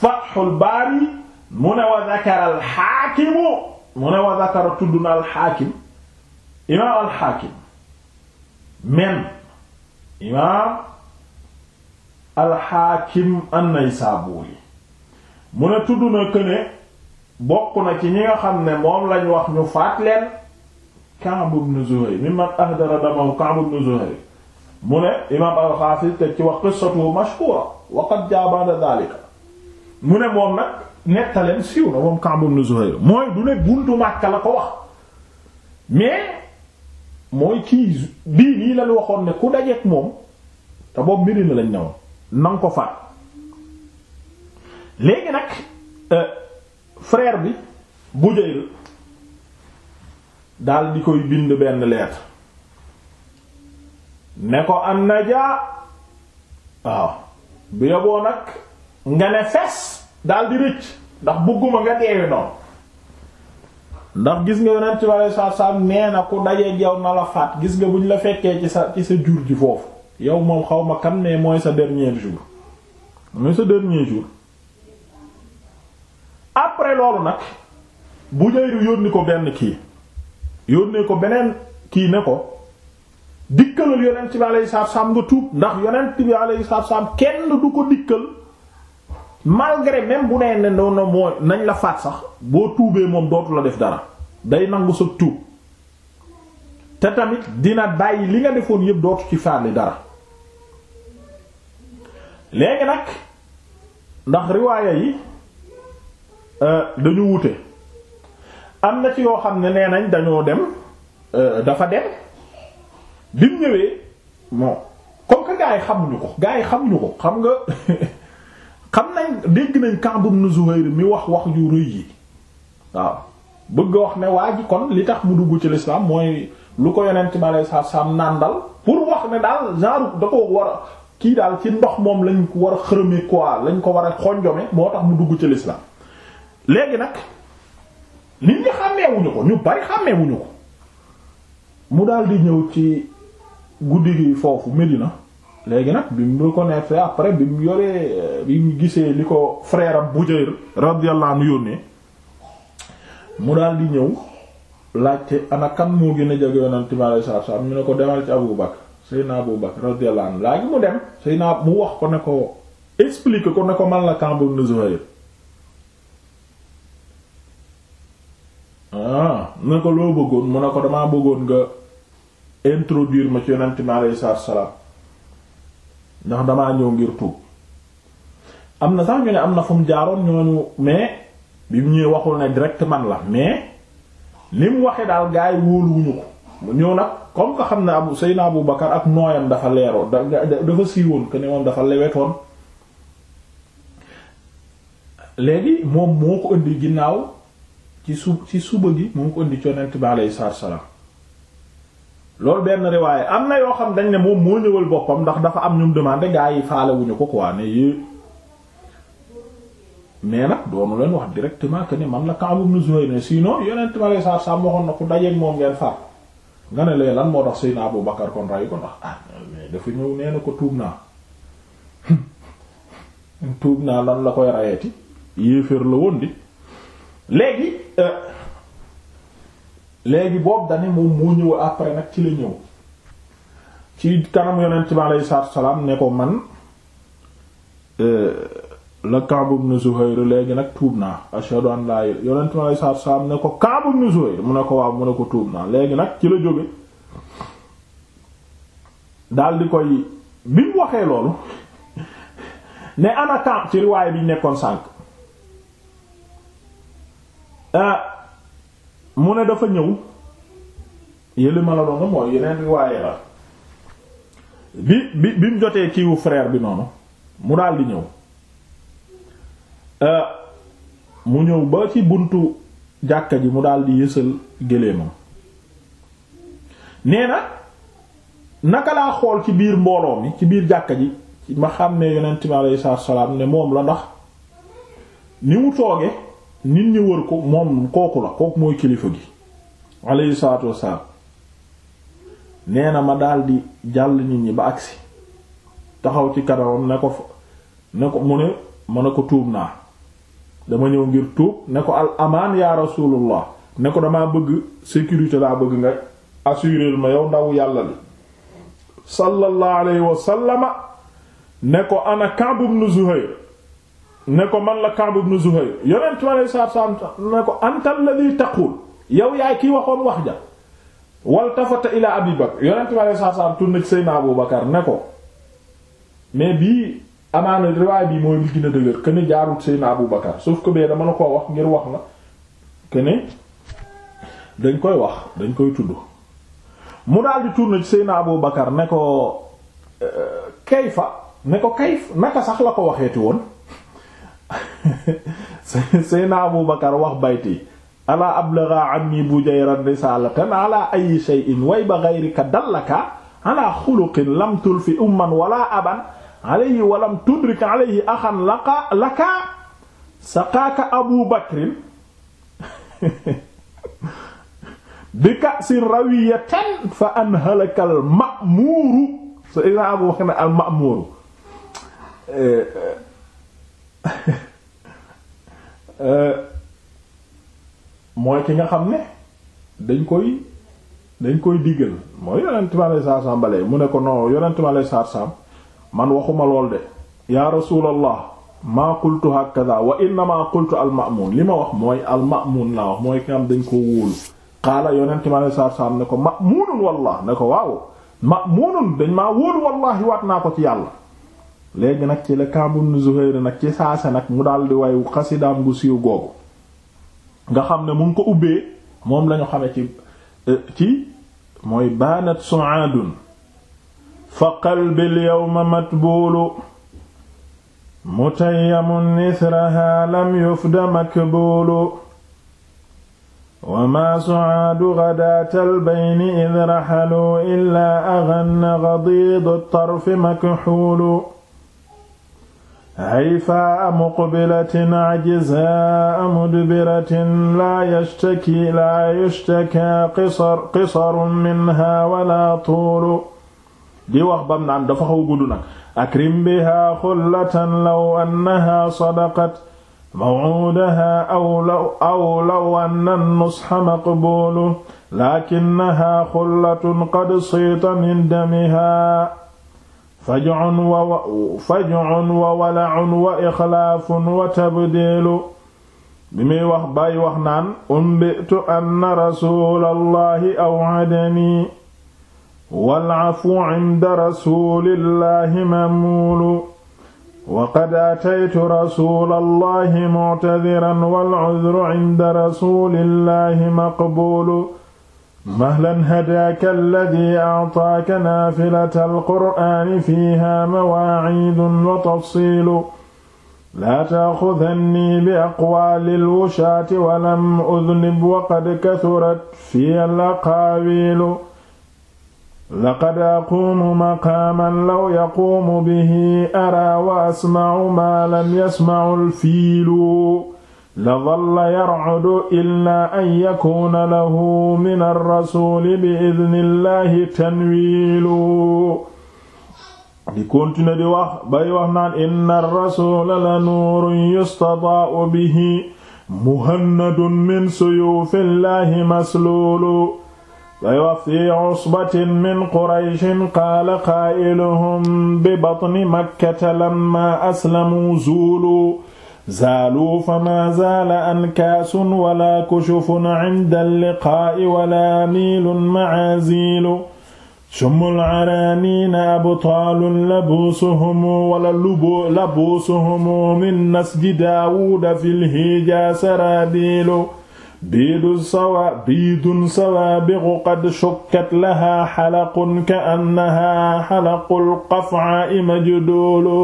Fathul Baari mu ne wa zakara alxaakim mu ne wa zakara tudd na alxaakim imaam alxaakim même imaam alxaakim an-Naysaabuuri mu ne tudd na que ne bokk na ci ñi nga xam ne moom lañ wax ñu faat leen. Ka'b ibn Zuhayr mimman ahdara mu ne imaam al-Hafiz teg ci wa qissatuhu mashhura wa qad jaa ba'da mu ne moom nag nettaleen siiw na moom Ka'b ibn Zuhayr mooy du ne buntu Makka la ko wax mais mooy kii bii nii lañ waxoon ne ku dajeek moom te boobu Medina lañ newoon na nga ko faat léegi nag euh, frère bi Budayl dal di koy bind benn lettre ne ko am najaa waaw bu yoboo nag nga ne fes dal di rëcc ndax bëgguma nga deewi noonu ndax gis nga yonent ci alei satu salaam nee na ku dajeeg yow na la faat gis nga buñ la fekkee ci sa ci sa jur ji foofu yow moom xaw ma kan ne mooy sa dernier jour mooy sa dernier jour après loolu nag bu jayru yónni ko benn kii yónnee ko beneen kii ne ko dikkalal yonent bi alayhi salaatu salaam nga tuub ndax yonent bi alayhi salaatu salaam kenn du ko dikkal malgré même bu nee ne noonu mooy nañ la faat sax boo tuubee moom dootu la def dara day nangu sa tuub te tamit dina bàyyi li nga defoon yépp dootu ci faale dara léegi nag ndax riwaaya yi euh, dañu wute am na ci yoo xam ne nee nañ dañoo dem euh, dafa dem bi mu ñëwee bon comme que gaa yi xamuñu ko ko xam nga *laughs* xam nañ dégg nañ Ka'b ibn Zuhayr mi wax wax ju rëy yi waaw bëgg wax ne waa kon li tax mu dugg ci l'islam mooy lu ko yonent ci alayhi salaatu sa nàndal pour wax ne daal genre da ko war kii daal ci ndox moom lañ ko war a xërëme lañ ko war a xonjome moo tax mu dugg ci l'islam léegi nag nit ñi xàmmeewuñu ko ñu bari xàmmeewuñu ko mu daal di ñëw ci guddi gi foofu Medina léegi nag bi mu reconnaître après bi mu yoree bi mu gisee li ko frère am Bujayr radiyallahu anhu yónnee mu daal di ñëw laajte ana kan moo gën a jege yonent bi alayhi salaatu ne ko demal ci Abu Bakr Seydina Abu Bakr radiyallahu anhu laaj mu dem Seydina mu wax ko ne ko expliquer ko ne ko man la Ka'b ibn mu ne ko loo bëggoon mu ne ko damaa bëggoon nga introduire ma ci yonent mi alayhi salaatu salaam ndax damaa ñëw ngir tuub am na sax ñu ne am na fu mu jaaroon ñooñu mais bi mu ñëwee waxul ne direct man la mais li mu waxee daal gaa yi wóoluwuñu ko ñëw nag comme nga xam ne abu Seydina Abu Bakar ak nooyam dafa leeroo da dafa siiwoon que ne moom dafa lewetoon léegi moom moo ko indi ginnaaw. ci sub ci suba gi mu ngi ko indi ci yonent bi alayhi salaatu wassalaam loolu benn riwaaye am na yoo xam dañ ne moom moo ñëwal boppam ndax dafa am ñum demandé gaa yi faalewuñu ko quoi ne yé mais nag doonu leen wax directement que ni man la Ka'b ibn Zuhayr ne sinon yonent bi alayhi salaatu wassalaam waxoon na ku dajeeg moom ngeen far nga ne lee lan moo tax Seydina Abu Bakar kon rayu ko ndax ah mais dafa ñëw nee ko tuub naa *laughs* tuub naa lan la koy rayeeti yéeféer la woon di léegi euh, léegi boobu dane moom moo ñëw après nag ci la ñëw ci kanam yonent bi aleyhi salaatu salaam ne ko man euh, la Ka'b ibn Zuhayr léegi nag tuub naa ashhadu an laa yonent bi aleyhi salaatu salaam ne ko Ka'b ibn Zuhayr mu ne ko waaw mu ne ko tuub naa léegi nag ci la jóge daal di koy bi mu waxee loolu *laughs* ne ana Ka'b ci riwaay bi nekkoon sànk Ah, mu ne dafa ñëw yëli ma la doon mooy yeneen riwaaye la bi bi bi mu jotee kiiwu fereer bi noonu mu daal di ñëw ah, mu ñëw ba ci buntu jàkka ji mu daldi di yësal géléemam nee na naka laa xool ci biir mbooloo mi ci biir jàkka ji ma xam ne yonent mi alayhi salaam ne moom la ndax ni mu tooge nit ñi wër ko moom kooku la kooku mooy kilifa gi alayhi salaatu wassalaam nee na ma daldi jàll nit ñi ba agsi taxaw ci kanamam ne ko ne ko mu ne ma ne ko tuub naa dama ñëw ngir tuub ne ko al amaan ya ne ko damaa bëgg sécurité laa bëgg nga assuréel ma yow ndaw yàlla li sallallahu alayhi ne ko ana Ka'b ibn Zuhayr ne ko man la Ka'b nu Zuhayr yonent mi alayhi salaatu wa ne ko anta alladhi taqul yow yaay kii waxoon wax ja waltafata ila Abi Bakr yonent mi alayhi wa salaam turne ci Seydina Abu Bakar ne ko mais bii amaana riwaay bii mooy li gën a dëgër que ne jaarul Seydina Abu Bakar sauf que bee dama la koo wax ngir wax la que ne dañ koy wax dañ koy tudd mu daal di turne ci Seydina Abu Bakar ne ko euh, kayfa ne ko kayf naka sax la ko waxee ti woon. Seydina Abu Bakar wax bayti alaa ablagha anni Bujayran risalatan ala ayi shay'in way ba ghayrika dallaka ala xuluqin lam tulfi umman wala aban alayhi wa lam tudrik alayhi axan laka laka saqaaka Abu Bakrin *laughs* bi ka'sin rawiyatan fa anhalaka al ma'muuru Seydina Abu wax na al ma'muuru eh, eh, *laughs* Euh, mooy ki nga xam ne dañ koy dañ koy diggal mooy yonent bi alei saatu salaam mu ne ko non yonent bi alei saatu man waxuma lool de ya rasulallah maa qultu hakaza wa innama qultu almamuun li ma wax mooy almamuun laa wax mooy ki nga xam dañ ko wóolu qaala yonent bi alei saatu salaam ne ko mamuunun wallah ne ko waaw mamuunun dañ maa wóolu wallahi waat naa ko ci yàlla léegi nag ci la Ka'b ibn Zuhayr nag ci saase nag mu daal di way xasidaam gu siiw googu nga xam ne mu ngi ko ubbee moom lañu xame ci euh, ci mooy baanat su'aadun fa qalbil yawma matbuulu mutayyamun nisraha lam yufda makbuulu wa maa su'aadu ghadaatal bayni idh rahalu illaa aghanna ghadiidu tarfi makhuulu hayfaa muqbilatin ajzaa mudbiratin laa yashtaki laa yushtakaa qisarun minhaa walaa tuulu di wax bam naan dafa xaw gudd nag akrim bihaa xullatan law annahaa sadaqat mawcuudahaa aw law anna nusxa maqbuulu laakinnahaa xullatun qad siita min damihaa faj'un wa faj'un wa wala'un wa ixlaafun wa tabdiilu bi muy wax bàyyi wax naan umbitu anna rasuulallahi aw'adani wal'afu 'inda rasuulillahi mamuulu wa qad ataytu rasuulallahi mu'tadiran wal'udhru 'inda rasuulillahi maqbuulu mahlan hadaaka alladii a'taaka naafilata alqur'aani fiihaa mawaa'iidun wa tafsiilu laa taaxudannii bi aqwaali lwushaati walam udnib waqad kasurat fiihaa alaqaawiilu laqad aquumu maqaaman law yaquumu bihi araa wa asma'u maa lam yasma'u alfiilu la dalla yarcudu illa an yakuuna lahu min arrasuli bi idnillahi tanwiilu di continue di wax bay wax naan inna arrasula la nuurun yustadaa'u bihi muhannadun min suyuufillahi masluulu bay wax fii cusbatin min qurayshin qaala qaa'iluhum bi batni makkata lamma aslamuu zuulu zaalu fama zaala ankaasun wala kushufun inda alliqaa'i wala niilun ma'aazilu summul araaniina abtaalun labuusuhum wala lubu labuusuhum min nasji daawuuda fil hiija saraabiilu biidun sawa biidun sawaabiqu qad shukkat lahaa xalaqun ka'annahaa xalaqul qaf'aa'i majduulu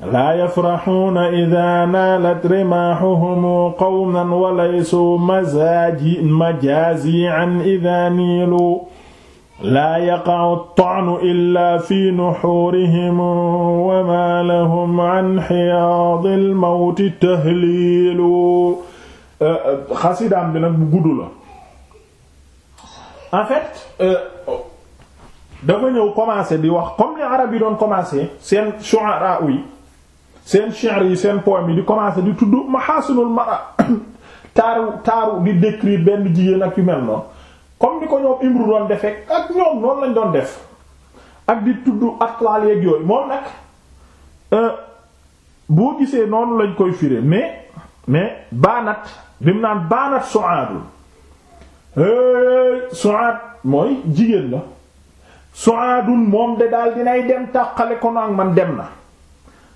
laa yafraxuuna ida naalat rimaaxuhum qawman walaysu mazaaji majaazian ida niilu laa yaqacu taanu illa fi nuxuurihim wama lahum an xiyaadi lmawti tahliilu euh, euh, xasidaam bi nag bu gudd la en fait euh, dafa ñëw commencer di wax comme ni arab yi doon commencer seen shu'ara yi seen shi'r yi seen poème yi di commencer di tudd mahasinul mara *coughs* taaru taaru di décrire benn jigéen ak yu mel noonu comme ni ko ñoom Imru doon defee ak ñoom noonu lañ doon def ak di tudd atlaal yeeg yooyu moom nag euh, boo gisee noonu lañ koy firé mais mais baanat bi mu naan baanat su'aadul su'aad mooy jigéen la su'aadul moom de daal dinay dem tàqale ko ak man dem na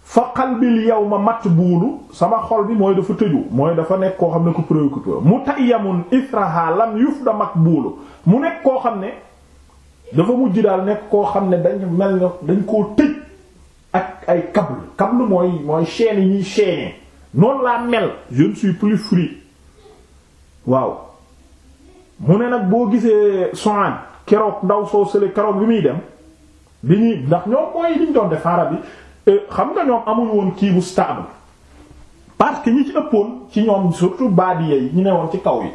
fa ma matt matbuulu sama xol bi mooy dafa tëju mooy dafa nekk koo xam ne ku préoccupé mu tayyamun israha lam yufda makbuulu mu nekk koo xam ne dafa mujj daal nekk koo xam ne dañ mel na dañ koo tëj ak ay kabl kabl mooy mooy chaîne yi ñuy chaîner noonu laa mel je ne suis plus free waaw mu ne nag boo gisee soan keroog ndaw soo sële keroog bi muy dem bi ñuy ndax ñoom mooy liñ doon def arab yi Euh, xam nga ñoom amuñu woon kii bu stable parce que ñi ci ëppoon ci ñoom surtout baadiya yi ñu ne woon ci kaw yi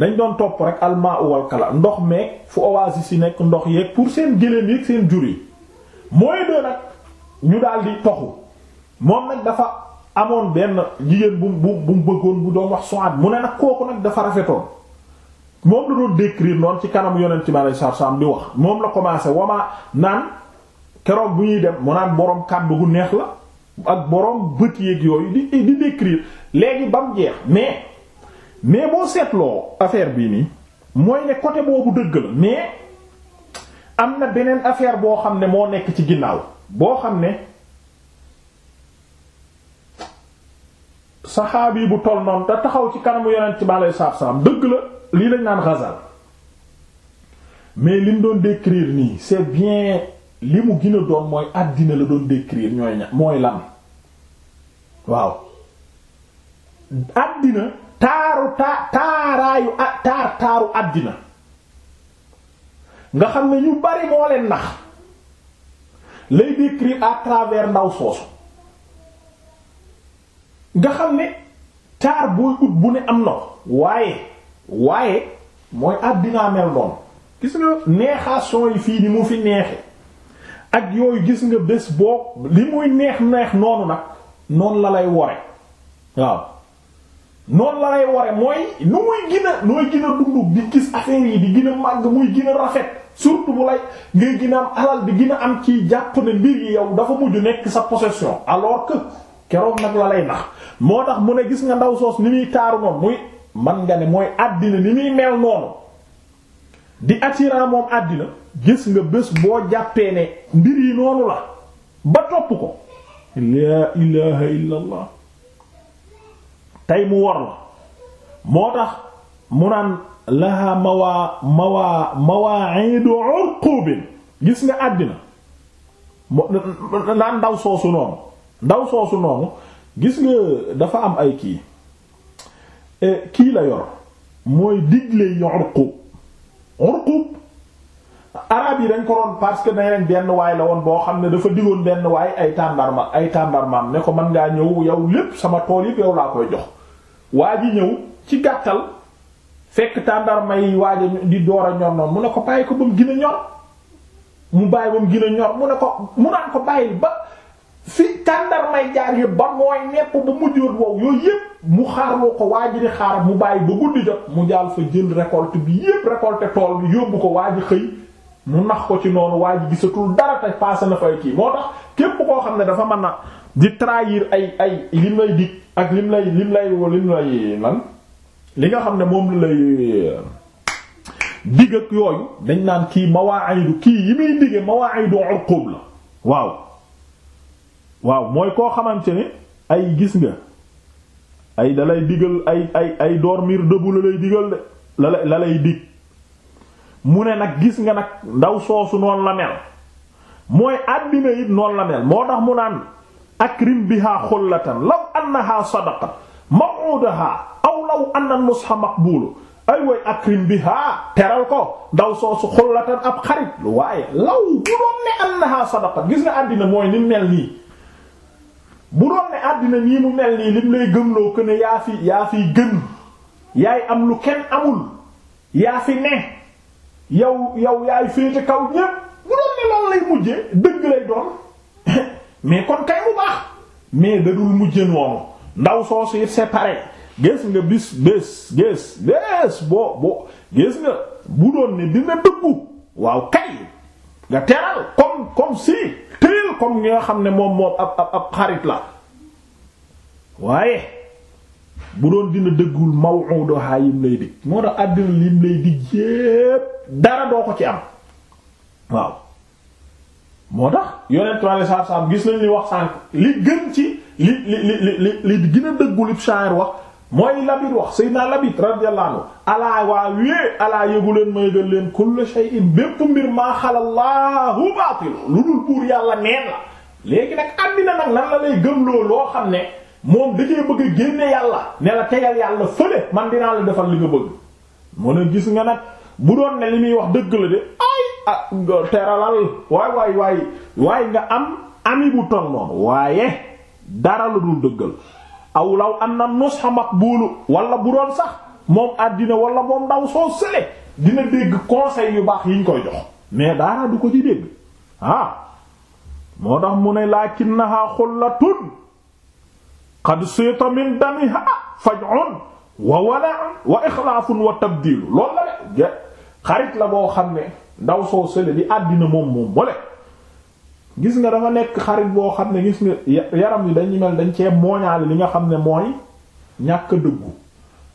dañ doon topp rek almaa wal kala ndox meeg fu oasis si nekk ndox yeeg pour seen gëléem yeeg seen juri yi mooy doon nag ñu daal di toxu moom nag dafa amoon benn jigéen bu bu bu bëggoon bu doon wax Suad mu ne nag kooku nag dafa rafetoon moom la doon décrire noonu ci kanamu yonent bi sallallahu alayhi wasallam di wax moom la commencé wamaa naan. keroog bu ñuy dem mu naan boroom kàddu gu neex la ak boroom bët yeeg yooyu di di léegi ba mu jeex mais mais boo seetloo affaire bii nii mooy ne côté boobu dëgg la mais am na beneen affaire boo xam ne moo nekk ci ginnaaw boo xam ne saxaabi bu toll noonu te taxaw ci kanamu yonent ci alayhi salaatu salaam dëgg la lii lañ naan xasal mais lim doon décrire nii c'est bien. li mu gina a doon mooy àddina la doon décrire ñooy ña mooy lan waaw àddina taaru taa taaraayu a taar taaru àddina nga xam ne ñu bari moo leen nax lay décrire à travers ndaw soosu nga xam ne taar booy ut bu ne am na waaye waaye mooy àddinaa mel noonu gis nga neexason yi fii ni mu fi neexe ak yooyu gis nga bés boo li muy neex neex noonu nag noonu la lay wore waaw noonu la lay wore mooy nu muy gën nooy gën a dund gis affaire yi di gën a muy gën rafet surtout bu lay ngay gina am alal bi gën a am ci jàpp ne mbir yow dafa mujj nekk sa possession alors que keroog nag la lay nax moo tax mu ne gis nga ndaw soos ni muy taaru noonu muy man nga ne mooy àddina ni muy mel noonu di attirant moom àddina gis nga bés boo jàppee ne mbir yi noonu la ba topp ko laa ilaha illa allah tey mu war la moo tax mu naan laha mawaa mawaa mawaa'idu urqubin gis nga àddina naan ndaw soosu noonu ndaw soosu noonu gis nga dafa am ay kii eh, kii la yor mooy digle yi urqub urqub arab yi dañ ko roon parce que dañ leen benn waay la woon boo xam ne dafa digoon benn waay ay tàndarma ay tàndarmaam ne ko man ngaa ñëw yow lépp sama tool yëpp yow laa koy jox waa ji ñëw ci gàttal fekk tàndarma yi waaja di door a ñor mu ne ko bàyyi ko ba mu gën mu bàyyi ba mu ñor mu ne ko mu ko bàyyi ba fi tàndarmay jaar yi ba mooy nepp mu xaarloo ko waa ji mu bàyyi ba guddi jot mu jaal fa jël récolte bi yépp récolte tool bi yóbbu ko waa ji xëy mu nax ko ci noonu waa ji gisatul dara te passé na fay kii moo tax képp koo xam ne dafa mën na di trahir ay ay lim lay dig ak lim lay lim lay lim lay lan li nga xam ne moom lay dig ak yooyu dañ naan kii mawaayidu kii yi muy digee mawaayidu uqub la waaw waaw mooy koo xamante ne ay gis nga ay dalay digal ay ay ay dormir debout la lay digal de la la lay dig mu ne nag gis nga nag ndaw soosu noonu la mel mooy àddina it noonu la mel moo tax mu naan akrim biha xullatan law annaha sadaqa maw'udaha aw law anna al-nusha maqbulu ay way akrim biha teral ko ndaw soosu xullatan ab xarit waaye law bu doon ne annaha sadaqa gis nga àddina mooy ni mel nii bu doon ne àddina nii mu mel nii lim lay gëmloo ko ne yaa fi yaa fi gën yaay am lu kenn amul yaa fi ne yow yow yaay féete kaw ñépp bu doon ne loolu lay mujje dëgg lay doon *laughs* mais kon kay bu baax mais da dul mujje noonu ndaw soosu it c'est pareil nga bis bés gis bés boo boo gis nga bu doon ne dina dëggu waaw kay nga teral comme comme si teel comme nga xam ne moom moom ab ab ab xarit la waaye bu doon dina dëggul maw'uduha yim lay dig moo tax àddina lim lay dig yépp ko ci am waaw moo tax gis nañ li wax sànk li gën ci li li li li li gën a dëggu li wax mooy Labid wax Seydina Labid radiyallahu anhu alaa waa wee alaa yëgu leen may gën leen kullu shay'in bépp mbir maa baatil lu dul buur yàlla neen la léegi nag àddina nag nan la lay gëm loo loo xam ne moom da bëgg génne yàlla ne la tegal yàlla fële man dinaa la defal li nga bëgg mu ne gis nga nag bu doon ne li muy wax dëgg la de ay ah teralal waay waay waay waaye nga am ami bu toll noonu waaye dara la dul dëggal aw law am na nusxa maqbulu wala bu doon sax moom àddina wala moom ndaw soo sële dina dégg conseil yu baax yiñ koy jox mais dara du ko ci dégg ah moo tax mu ne lakinnaha xullatun qad siita min damiha faj'un wa wala'un wa ixlaafun wa tabdiilu loolu la de xarit la boo xam ne ndaw soo sële di àddina moom moom mole gis nga dafa nekk xarit boo xam ne gis nga yaram yi dañ mel dañ cee mooñaale li nga xam ne mooy ñàkk dëggu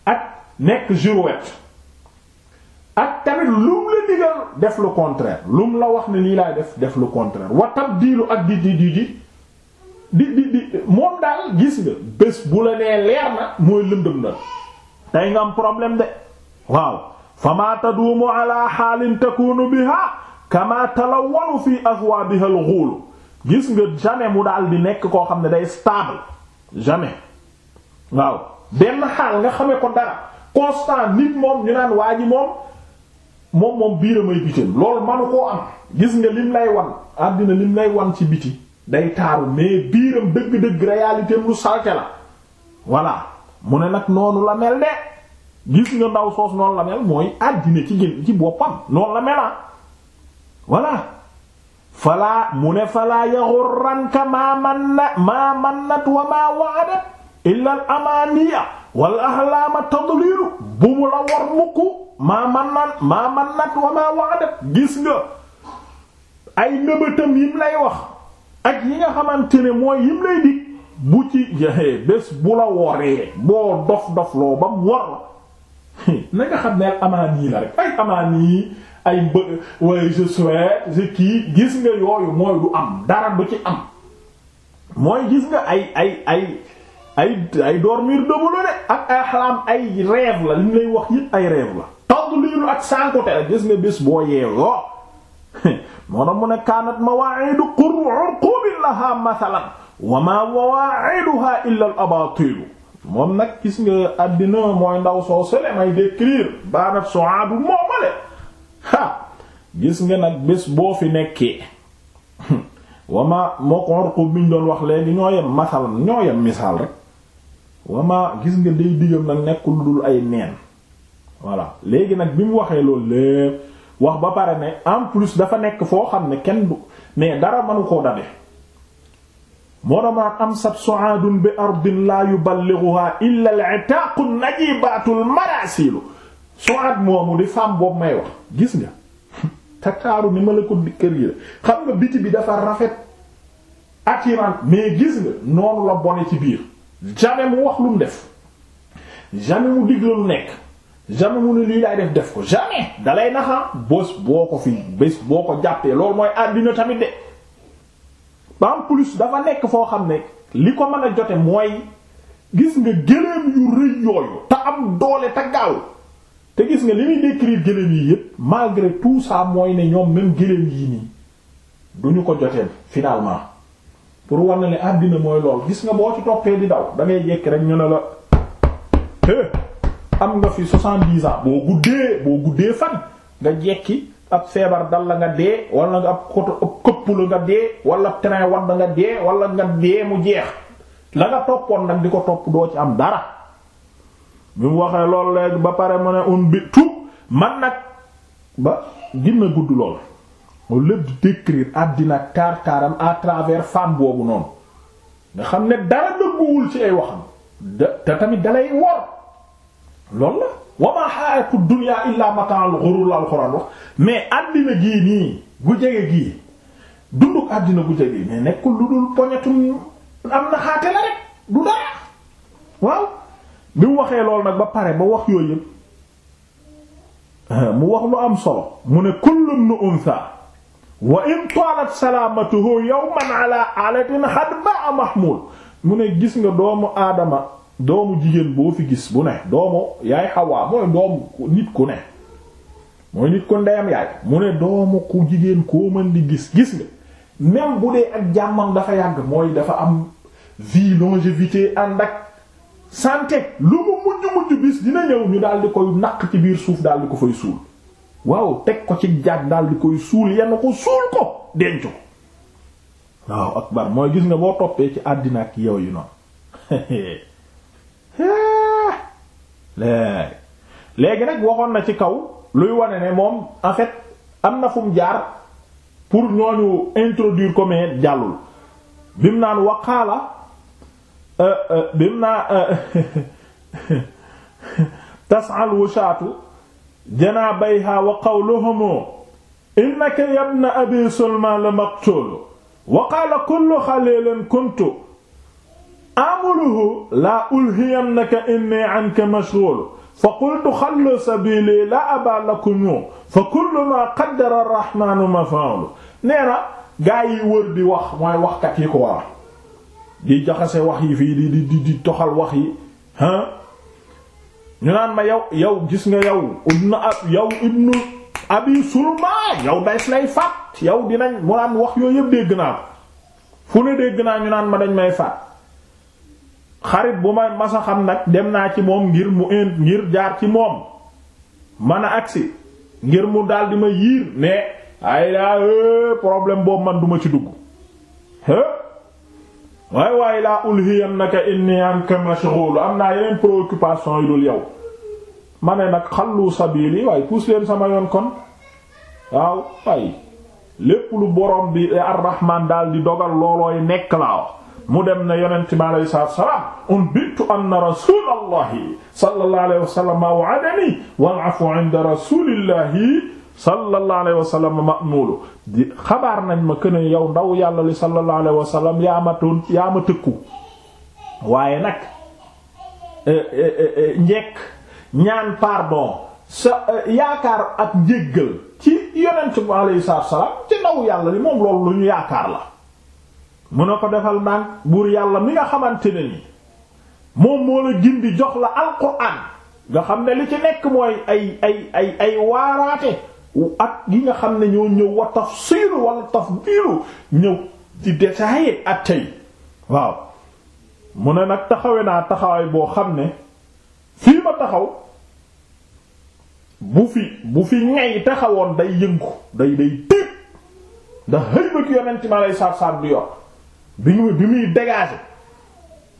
ak nekk girouette ak tamit lum la digal def le contraire lum la wax ne lii laay def def le contraire wa tabdiilu ak di di di di di moom daal gis nga bés bu la nee leer na mooy lëndëm na tey nga am problème de waaw fama taduumu ala xaalin takunu biha kama talawwalu fi aswaabiha al ghul gis nga jamais mu daal di nekk koo xam ne day stable jamais waaw benn xaal nga xamee ko dara constant nit moom ñu naan waa ji moom moom moom biiramay bitam loolu manu koo am gis nga lim lay wan àddina lim lay wan ci biti day taaru mais biiram dëgg-dëgg réalité lu salte la voilà mu ne nag noonu la mel de gis nga ndaw soos noonu la mel mooy àddina ci gën ci boppam noonu la mel ah. voilà falaa mu ne falaa yaxurranka maa man na wa maa waadat illa al amaniya wal ahlaama bu mu la war mukk maa man wa maa gis nga ay nëbëtam yim lay wax ak yi nga xamante ne mooy yim lay dig bu ci bés bu la woree boo dof dofloo ba mu *laughs* na nga xam ne ak yi la rek ay amaan yi ay mbë waaye je souhaite je kii gis nga yooyu mooy du am dara bu ci am mooy gis nga ay ay ay ay ay dormir debout ak ay xalaam ay rêve la li lay wax yépp ay rêve la tawg liñu ak sànkute la gis nga bés boo yeewoo *laughs* moo tax mu ne kaanat mawaa'idu qurqubin laha mathalan wa ma illa abaatilu moom nag gis nga àddina mooy ndaw soo sele may décrire baanat su'aadu moomale ha gis nga nag bés boo fi nekkee *laughs* wama moo ko Urqub bi ñu doon wax léegi ñoo yem masalan ñoo yem misaal rek wama gis nga day diggam nag nekk dul ay neen voilà léegi nag bi mu waxee loolu lépp wax ba pare ne en plus dafa nekk foo xam ne kenn du mais dara manu koo dabe moo damaa am sab bi ardin yu yuballighuha illa al-'itaqu najibatu al-marasilu su'ad moomu di femme boobu may wax gis nga *laughs* taktaaru ni ma la ko kër gi xam nga biti bi dafa rafet attirant mais gis nga noonu la bone ci biir jamais mu wax lu mu def jamais mu digla lu nekk jamais mu ne lii laay def def ko jamais dalay naxa bés boo ko fi bés boo ko jàppee loolu mooy àddina tamit de en plus dafa nekk foo xam ne li ko mën a jote mooy gis nga gëléem yu rëy yooyu te am doole te gaaw te gis nga li muy décrire gëléem yi yépp malgré tout ça mooy ne ñoom même gëléem yi nii du ñu ko joteel finalement pour war na ne àddina mooy lool gis nga boo ci toppee di daw da ngay jekki rek ñu ne la am nga fi soixante-dix ans boo guddee boo guddee fan nga jekki ab feebar dal la nga dee wala nga ab koto ab këpp nga dee wala train wadd nga dee walla nga dee mu jeex la nga toppoon nag di ko topp doo ci am dara bi mu waxee loolu léegi ba pare mu ne un bi tout man nag ba dina gudd lool moo lépp di décrire àddina taar-taaram à travers femme boobu noonu nga xam ne dara dëgguwul ci ay waxam da tamit dalay wor loolu la wa ma hayatu dunya illa mata'ul ghurur la alxuraan wax mais àddina gii nii gu jege gii dunduk àddina gu jege mais nekkul lu dul poñetum am na xaate la rek du dara waaw bi waxee loolu nag ba pare ba wax yooyu yëpp mu wax lu am solo mu ne kullum nu unsa wa in taalat salaamatuhu yawman ala alatin hadba mahmul mu ne gis nga doomu aadama doomu jigéen boo fi gis bu ne doomu yaay Hawa mooy doomu nit ku ne mooy nit ku ndeyam yaay mu ne doomu ku jigéen koo mën di gis gis nga même bu dee ak jàmmam dafa yàgg mooy dafa am vie longévité ànd ak santé lu mu mujj mujj bis dina ñëw ñu daal koy naq ci biir suuf daal di ko fay suul waaw teg ko ci jaag daal di koy suul yenn ko suul ko denc ko waaw akbar mooy gis nga boo toppee ci àddina ak yow yi noonu *laughs* léegi nag waxoon na ci kaw luy wane ne moom en fait am na fu jaar pour ñooñu introduire ko mais jàllul bi mu naan waqaala euh, euh, bi mu naa euh, *laughs* tas'al wushaatu janaabayha wa qawluhum innaka ya ibna abi sulman la maqtul wa kullu xaliilin kuntu amuluhu laa ulhiyannaka inni anka mashghul fa qultu xallu sabili la aba lakum fa kullu ma qaddara ar-rahmanu nee na gaa yi wër di wax mooy waxkat yi ko waa di jaxase wax yi fii di di di toxal wax yi ah ñu naan ma yow yow gis nga yow ibnu yow ibnu abi sulma yow days lay faat yow dinañ mu naan wax yooyu yëpp dégg naa ko fu ne dégg naa ñu naan ma dañ may faat xarit bu ma masa xam nag dem naa ci moom ngir mu indi ngir jaar ci moom man a agsi ngir mu daal ma yiir ne ay laa eh, problème boobu man duma ci dugg waay waay laa ulhiyannaka inni anka mashghul am naa yeneen préoccupation yu dul yow ma nag xallu sabili waaye puus leen sama yoon kon waaw waaye lépp lu borom bi ar-rahman daal di dogal loolooy nekk laa mu dem na yonent bi alayhi salaatu wa salaam unbitu anna rasulallahi sallallahu alayhi wa sallam wa'adani wal afwu 'inda rasulillahi sallallahu alayhi ma'mulu di xabaar nañ ma que yow ndaw yàlla li sallallahu alayhi wa sallam yaa ma toon yaa ma nag eh, eh, eh, njekk ñaan pardon sa yaakaar ak njéggal ci yonent bi alayhi salaatu wa salaam ci ndaw yàlla li moom loolu lu ñu yaakaar la. mu ne ko defal ndànk buur yàlla mi nga xamante ne ni moom moo la gindi jox la alquran nga xam ne li ci nekk mooy ay ay ay ay waaraate ak gi nga xam ne ñoo ñëw wa tafsiilu wala tafdiilu ñëw ci détaillé ak tey waaw mu ne nag taxawe naa taxawaay boo xam ne fii ma taxaw bu fi bu fi ñay taxawoon day yëngu day day téeg ndax hëy bët yonent ma lay saab saab du yor bi ñu bi muy dégager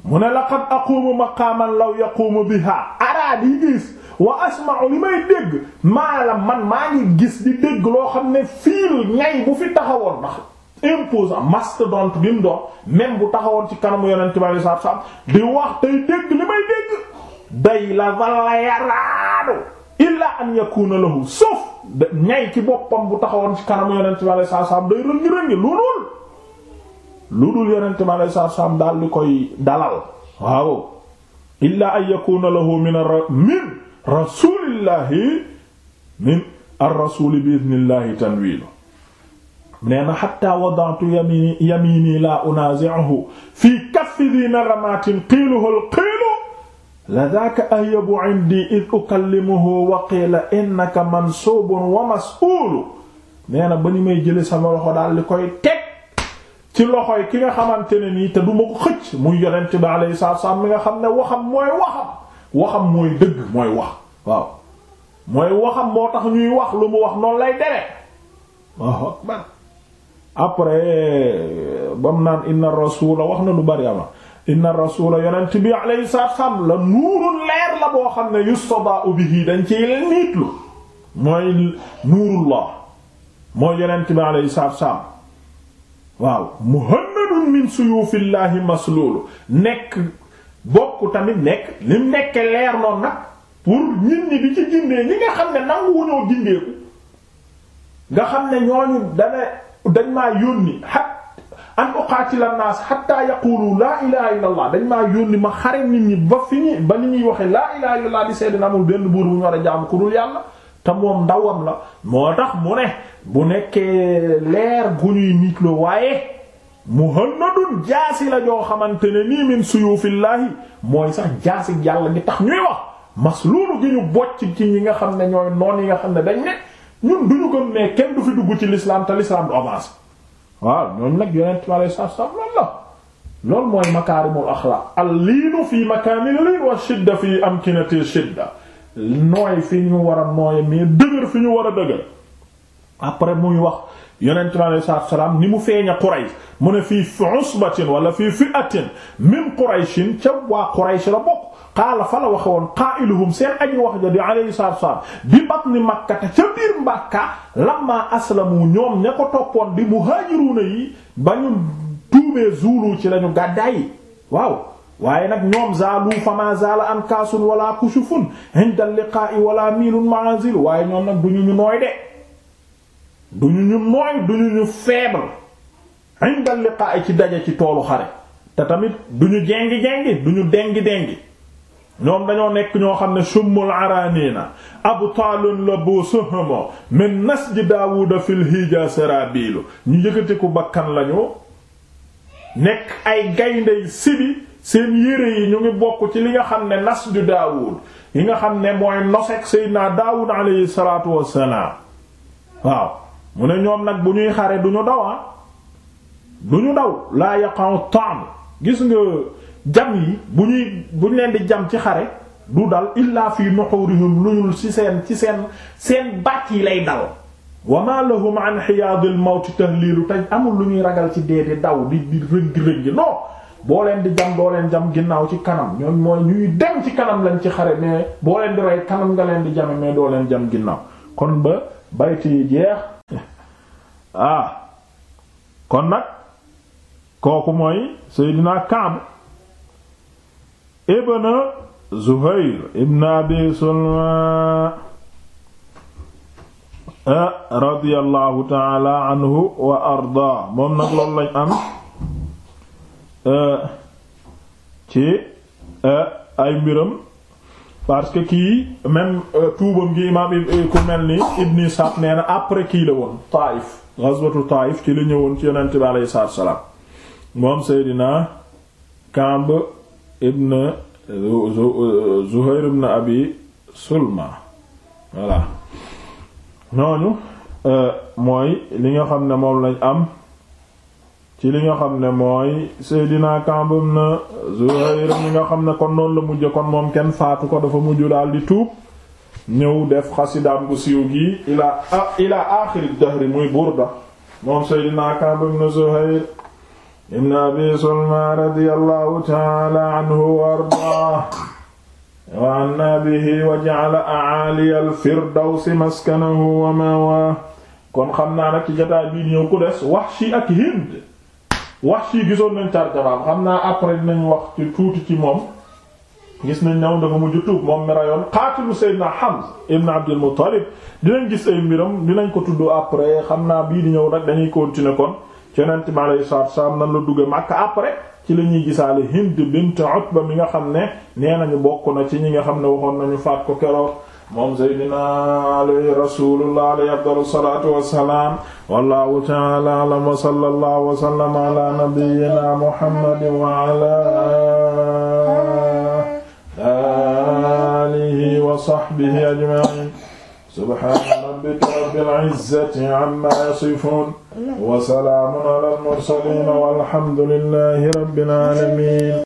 mu ne laqad aqumu maqaaman law yaqumu biha araad yi gis wa asma'u li may dégg maa man maa ngi gis di dégg loo xam ne fiil ñay bu fi taxawoon ndax imposant mastodonte bi mu doon même taxawoon ci kanamu yonent bi sallallahu alayhi wasallam di wax tey dégg li may dégg day la walla yaraadu illa an yakuna lahu sauf ñay ci boppam bu taxawoon ci kanamu yonent bi sallallahu alayhi day rëngi-rëngi lu lool lu dul yonent mi alayhi salaatu salaam daal di koy dalal waaw illaa an yakuna lahu min min rasulillahi min ar-rasuli bi idnillahi tanwilu nee na xatta wada'tu yamini yamini la unazi'uhu fi kaffi dhi naghamatin qiluhu al-qilu ladaka ahyabu 'indi id ukallimuhu wa qila innaka mansubun wa mas'ulun nee na ba ni may jële sama loxo daal di koy teg ci loxo yi ki nga xamante ne nii te du ma ko xëcc muy yonent bi alayhi salaatu salaam mi nga xam ne waxam mooy waxam waxam mooy dëgg mooy wax waaw mooy waxam moo tax ñuy wax lu mu wax noonu lay deme waaw akbar après bam naan inna rasula wax na lu bari ama inna rasula yonent bi alayhi salaatu salaam la nuurul leer la boo xam ne yustadaa bihi dañ ci niitlu mooy nuurullah mooy yonent bi alayhi salaam waaw muhannadun min suyufillahi maslulu nekk bokk tamit nekk lim nekke leer noonu nag pour nit ñi di ci gindee ñi nga xam ne nanguwu ñoo gindeeku nga xam ne ñooñu dana dañ maa yónni xat an uqaatila naas xatta yaqulu laa ilaha illa allah dañ maa yónni ma xare nit ñi ba fi ñi ba ni ñuy waxe laa ilaha illa allah di seedin benn buur bu ñu war a jaamu ku dul yàlla te moom ndawam la moo tax mu ne bu nekkee leer gu ñuy nit la waaye muhannadun jaasi la joo xamante ne nii min suyufillahi mooy sax jaasi yàlla gi tax ñuy wax masluulu gi ñu bocc ci ñi nga xam ne ñooy noon yi nga xam ne dañ ne ñun duñu gëm ne kenn du fi dugg ci l'islam te l'islam du avance waaw ñoom nag yonent bi alei satu selaam loolu la loolu mooy makaarimul axlaaq al liinu fi makaanil liin wa shidda fi amkinati shidda nooy fi ñu war a mooy mais dëgër fi ñu war a dëgër après muy wax yonente bi alei salaam ni mu feeña Quraysh mu ne fii fi usbatin wala fii fi atin min Qurayshin ca waa Quraysh la bokk qaala fa la waxe woon qaa'iluhum seen aji wax ja di alayhi salatu wasalaam bi batni makkata ca biir Makka lamma aslamu ñoom ña ko toppoon di muhaajiruuna yi ba ñu tuubee zuulu ci lañu gàddaay waaw waaye nag ñoom zaalu fama zaala an kaasun wala kushufun inda liqaa'i wala miilun waaye ñoom nag duñu ñu nooy de duñu ñu nooy duñu ñu faible inda liqaa'i ci daje ci toolu xare te tamit duñu jengi jengi duñu dengi dengi ñoom dañoo nekk ñoo xam ne summul araaniina abtaalun la boo sohamo min nasji daawuda fil hija sarabilu ñu yëkkatiku bakkan lañu nekk ay gayndey sibi seen yére yi ñu ngi bokk ci li nga xam ne nas du daawud yi nga xam ne mooy nosek seydinaa daawud alayhi salaatu wassalaam waaw mu ne ñoom nag bu ñuy xare du ñu daw ah du ñu daw laa yaqa'u ta'am gis nga jam yi bu ñuy bu ñu leen di jam ci xare du dal illaa fi nuhurihim lu ñu ci seen ci seen seen baat yi lay dal wa ma lahum an xiyaadil mawti tahliilu te amul lu ñuy ragal ci dee di daw di di rëngi rëngi non boo leen di jam doo leen jam ginnaaw ci kanam ñoom mooy ñuy dem ci kanam lañ ci xare mais boo leen di rey kanam nga leen di jame mais doo leen jam ginnaaw kon ba bayt yi jeex *laughs* ah kon nag kooku mooy Seydina Kaab ibn Zuhayr ibn Abi Sulma eh, radiyallahu ta'ala anhu wa arda moom nag loolu lañ am Euh, ci euh, ay mbiram parce que kii même euh, tuubam gi imaam ku mel ni Ibn Sa'd nee après kii la woon Taif ghazwatu Taif ci la ñëwoon ci yonent bi alayhi salaatu salaam moom Seydina Kamb ibn Zuhayr ibn Abi Sulma voilà ñooñu mooy li nga xam ne moom lañ am ci li nga xam ne mooy Seydina Kaab ibn Zuhayr ñi nga xam ne kon noonu la mujj kon moom kenn faatu ko dafa mujj daal di tuub ñëw def xasidaam bu siiw gi ilaa ilaa aaxiri dahri muy burda moom Seydina Kaab ibn Zuhayr ibn Abi Sulma radiyallahu ta'ala anhu wa ardaah wa anna bihi wa ja'ala a'aaliya al-firdawsi maskanahu wa ma'waahu kon xam naa nag ci jotaay bii ñëw ku des ak Hind Wahshi gisoon nañ tarjamaam xam naa après dinañ wax ci tuuti ci moom gis nañ ne woon mu mujj tuub moom mi rayoon qaatilu Seydina Hamza ibn Abdul Muttalib dinañ gis ay mbiram dinañ ko tudd après xam naa bii di ñëw nag dañuy continuer kon Yonent mi alayhi salaatu salaam nan la dugge Makka après ci la ñuy gisaale Hind bint Utba mi nga xam ne nee nañu bokk na ci ñi nga xam ne waxoon nañu faat ko keroog moom Seydina alayhi rasulullah alayhi afdalu salaatu wassalaam wallahu ta'ala a'lam wa sallallahu wa sallama ala nabiyyina Muhammad wa ala alihi wa sahbihi ajma'in subhana rabbika rabbil izzati amma yasifun wa salaamun ala al mursalin walhamdulillahi rabbil alamin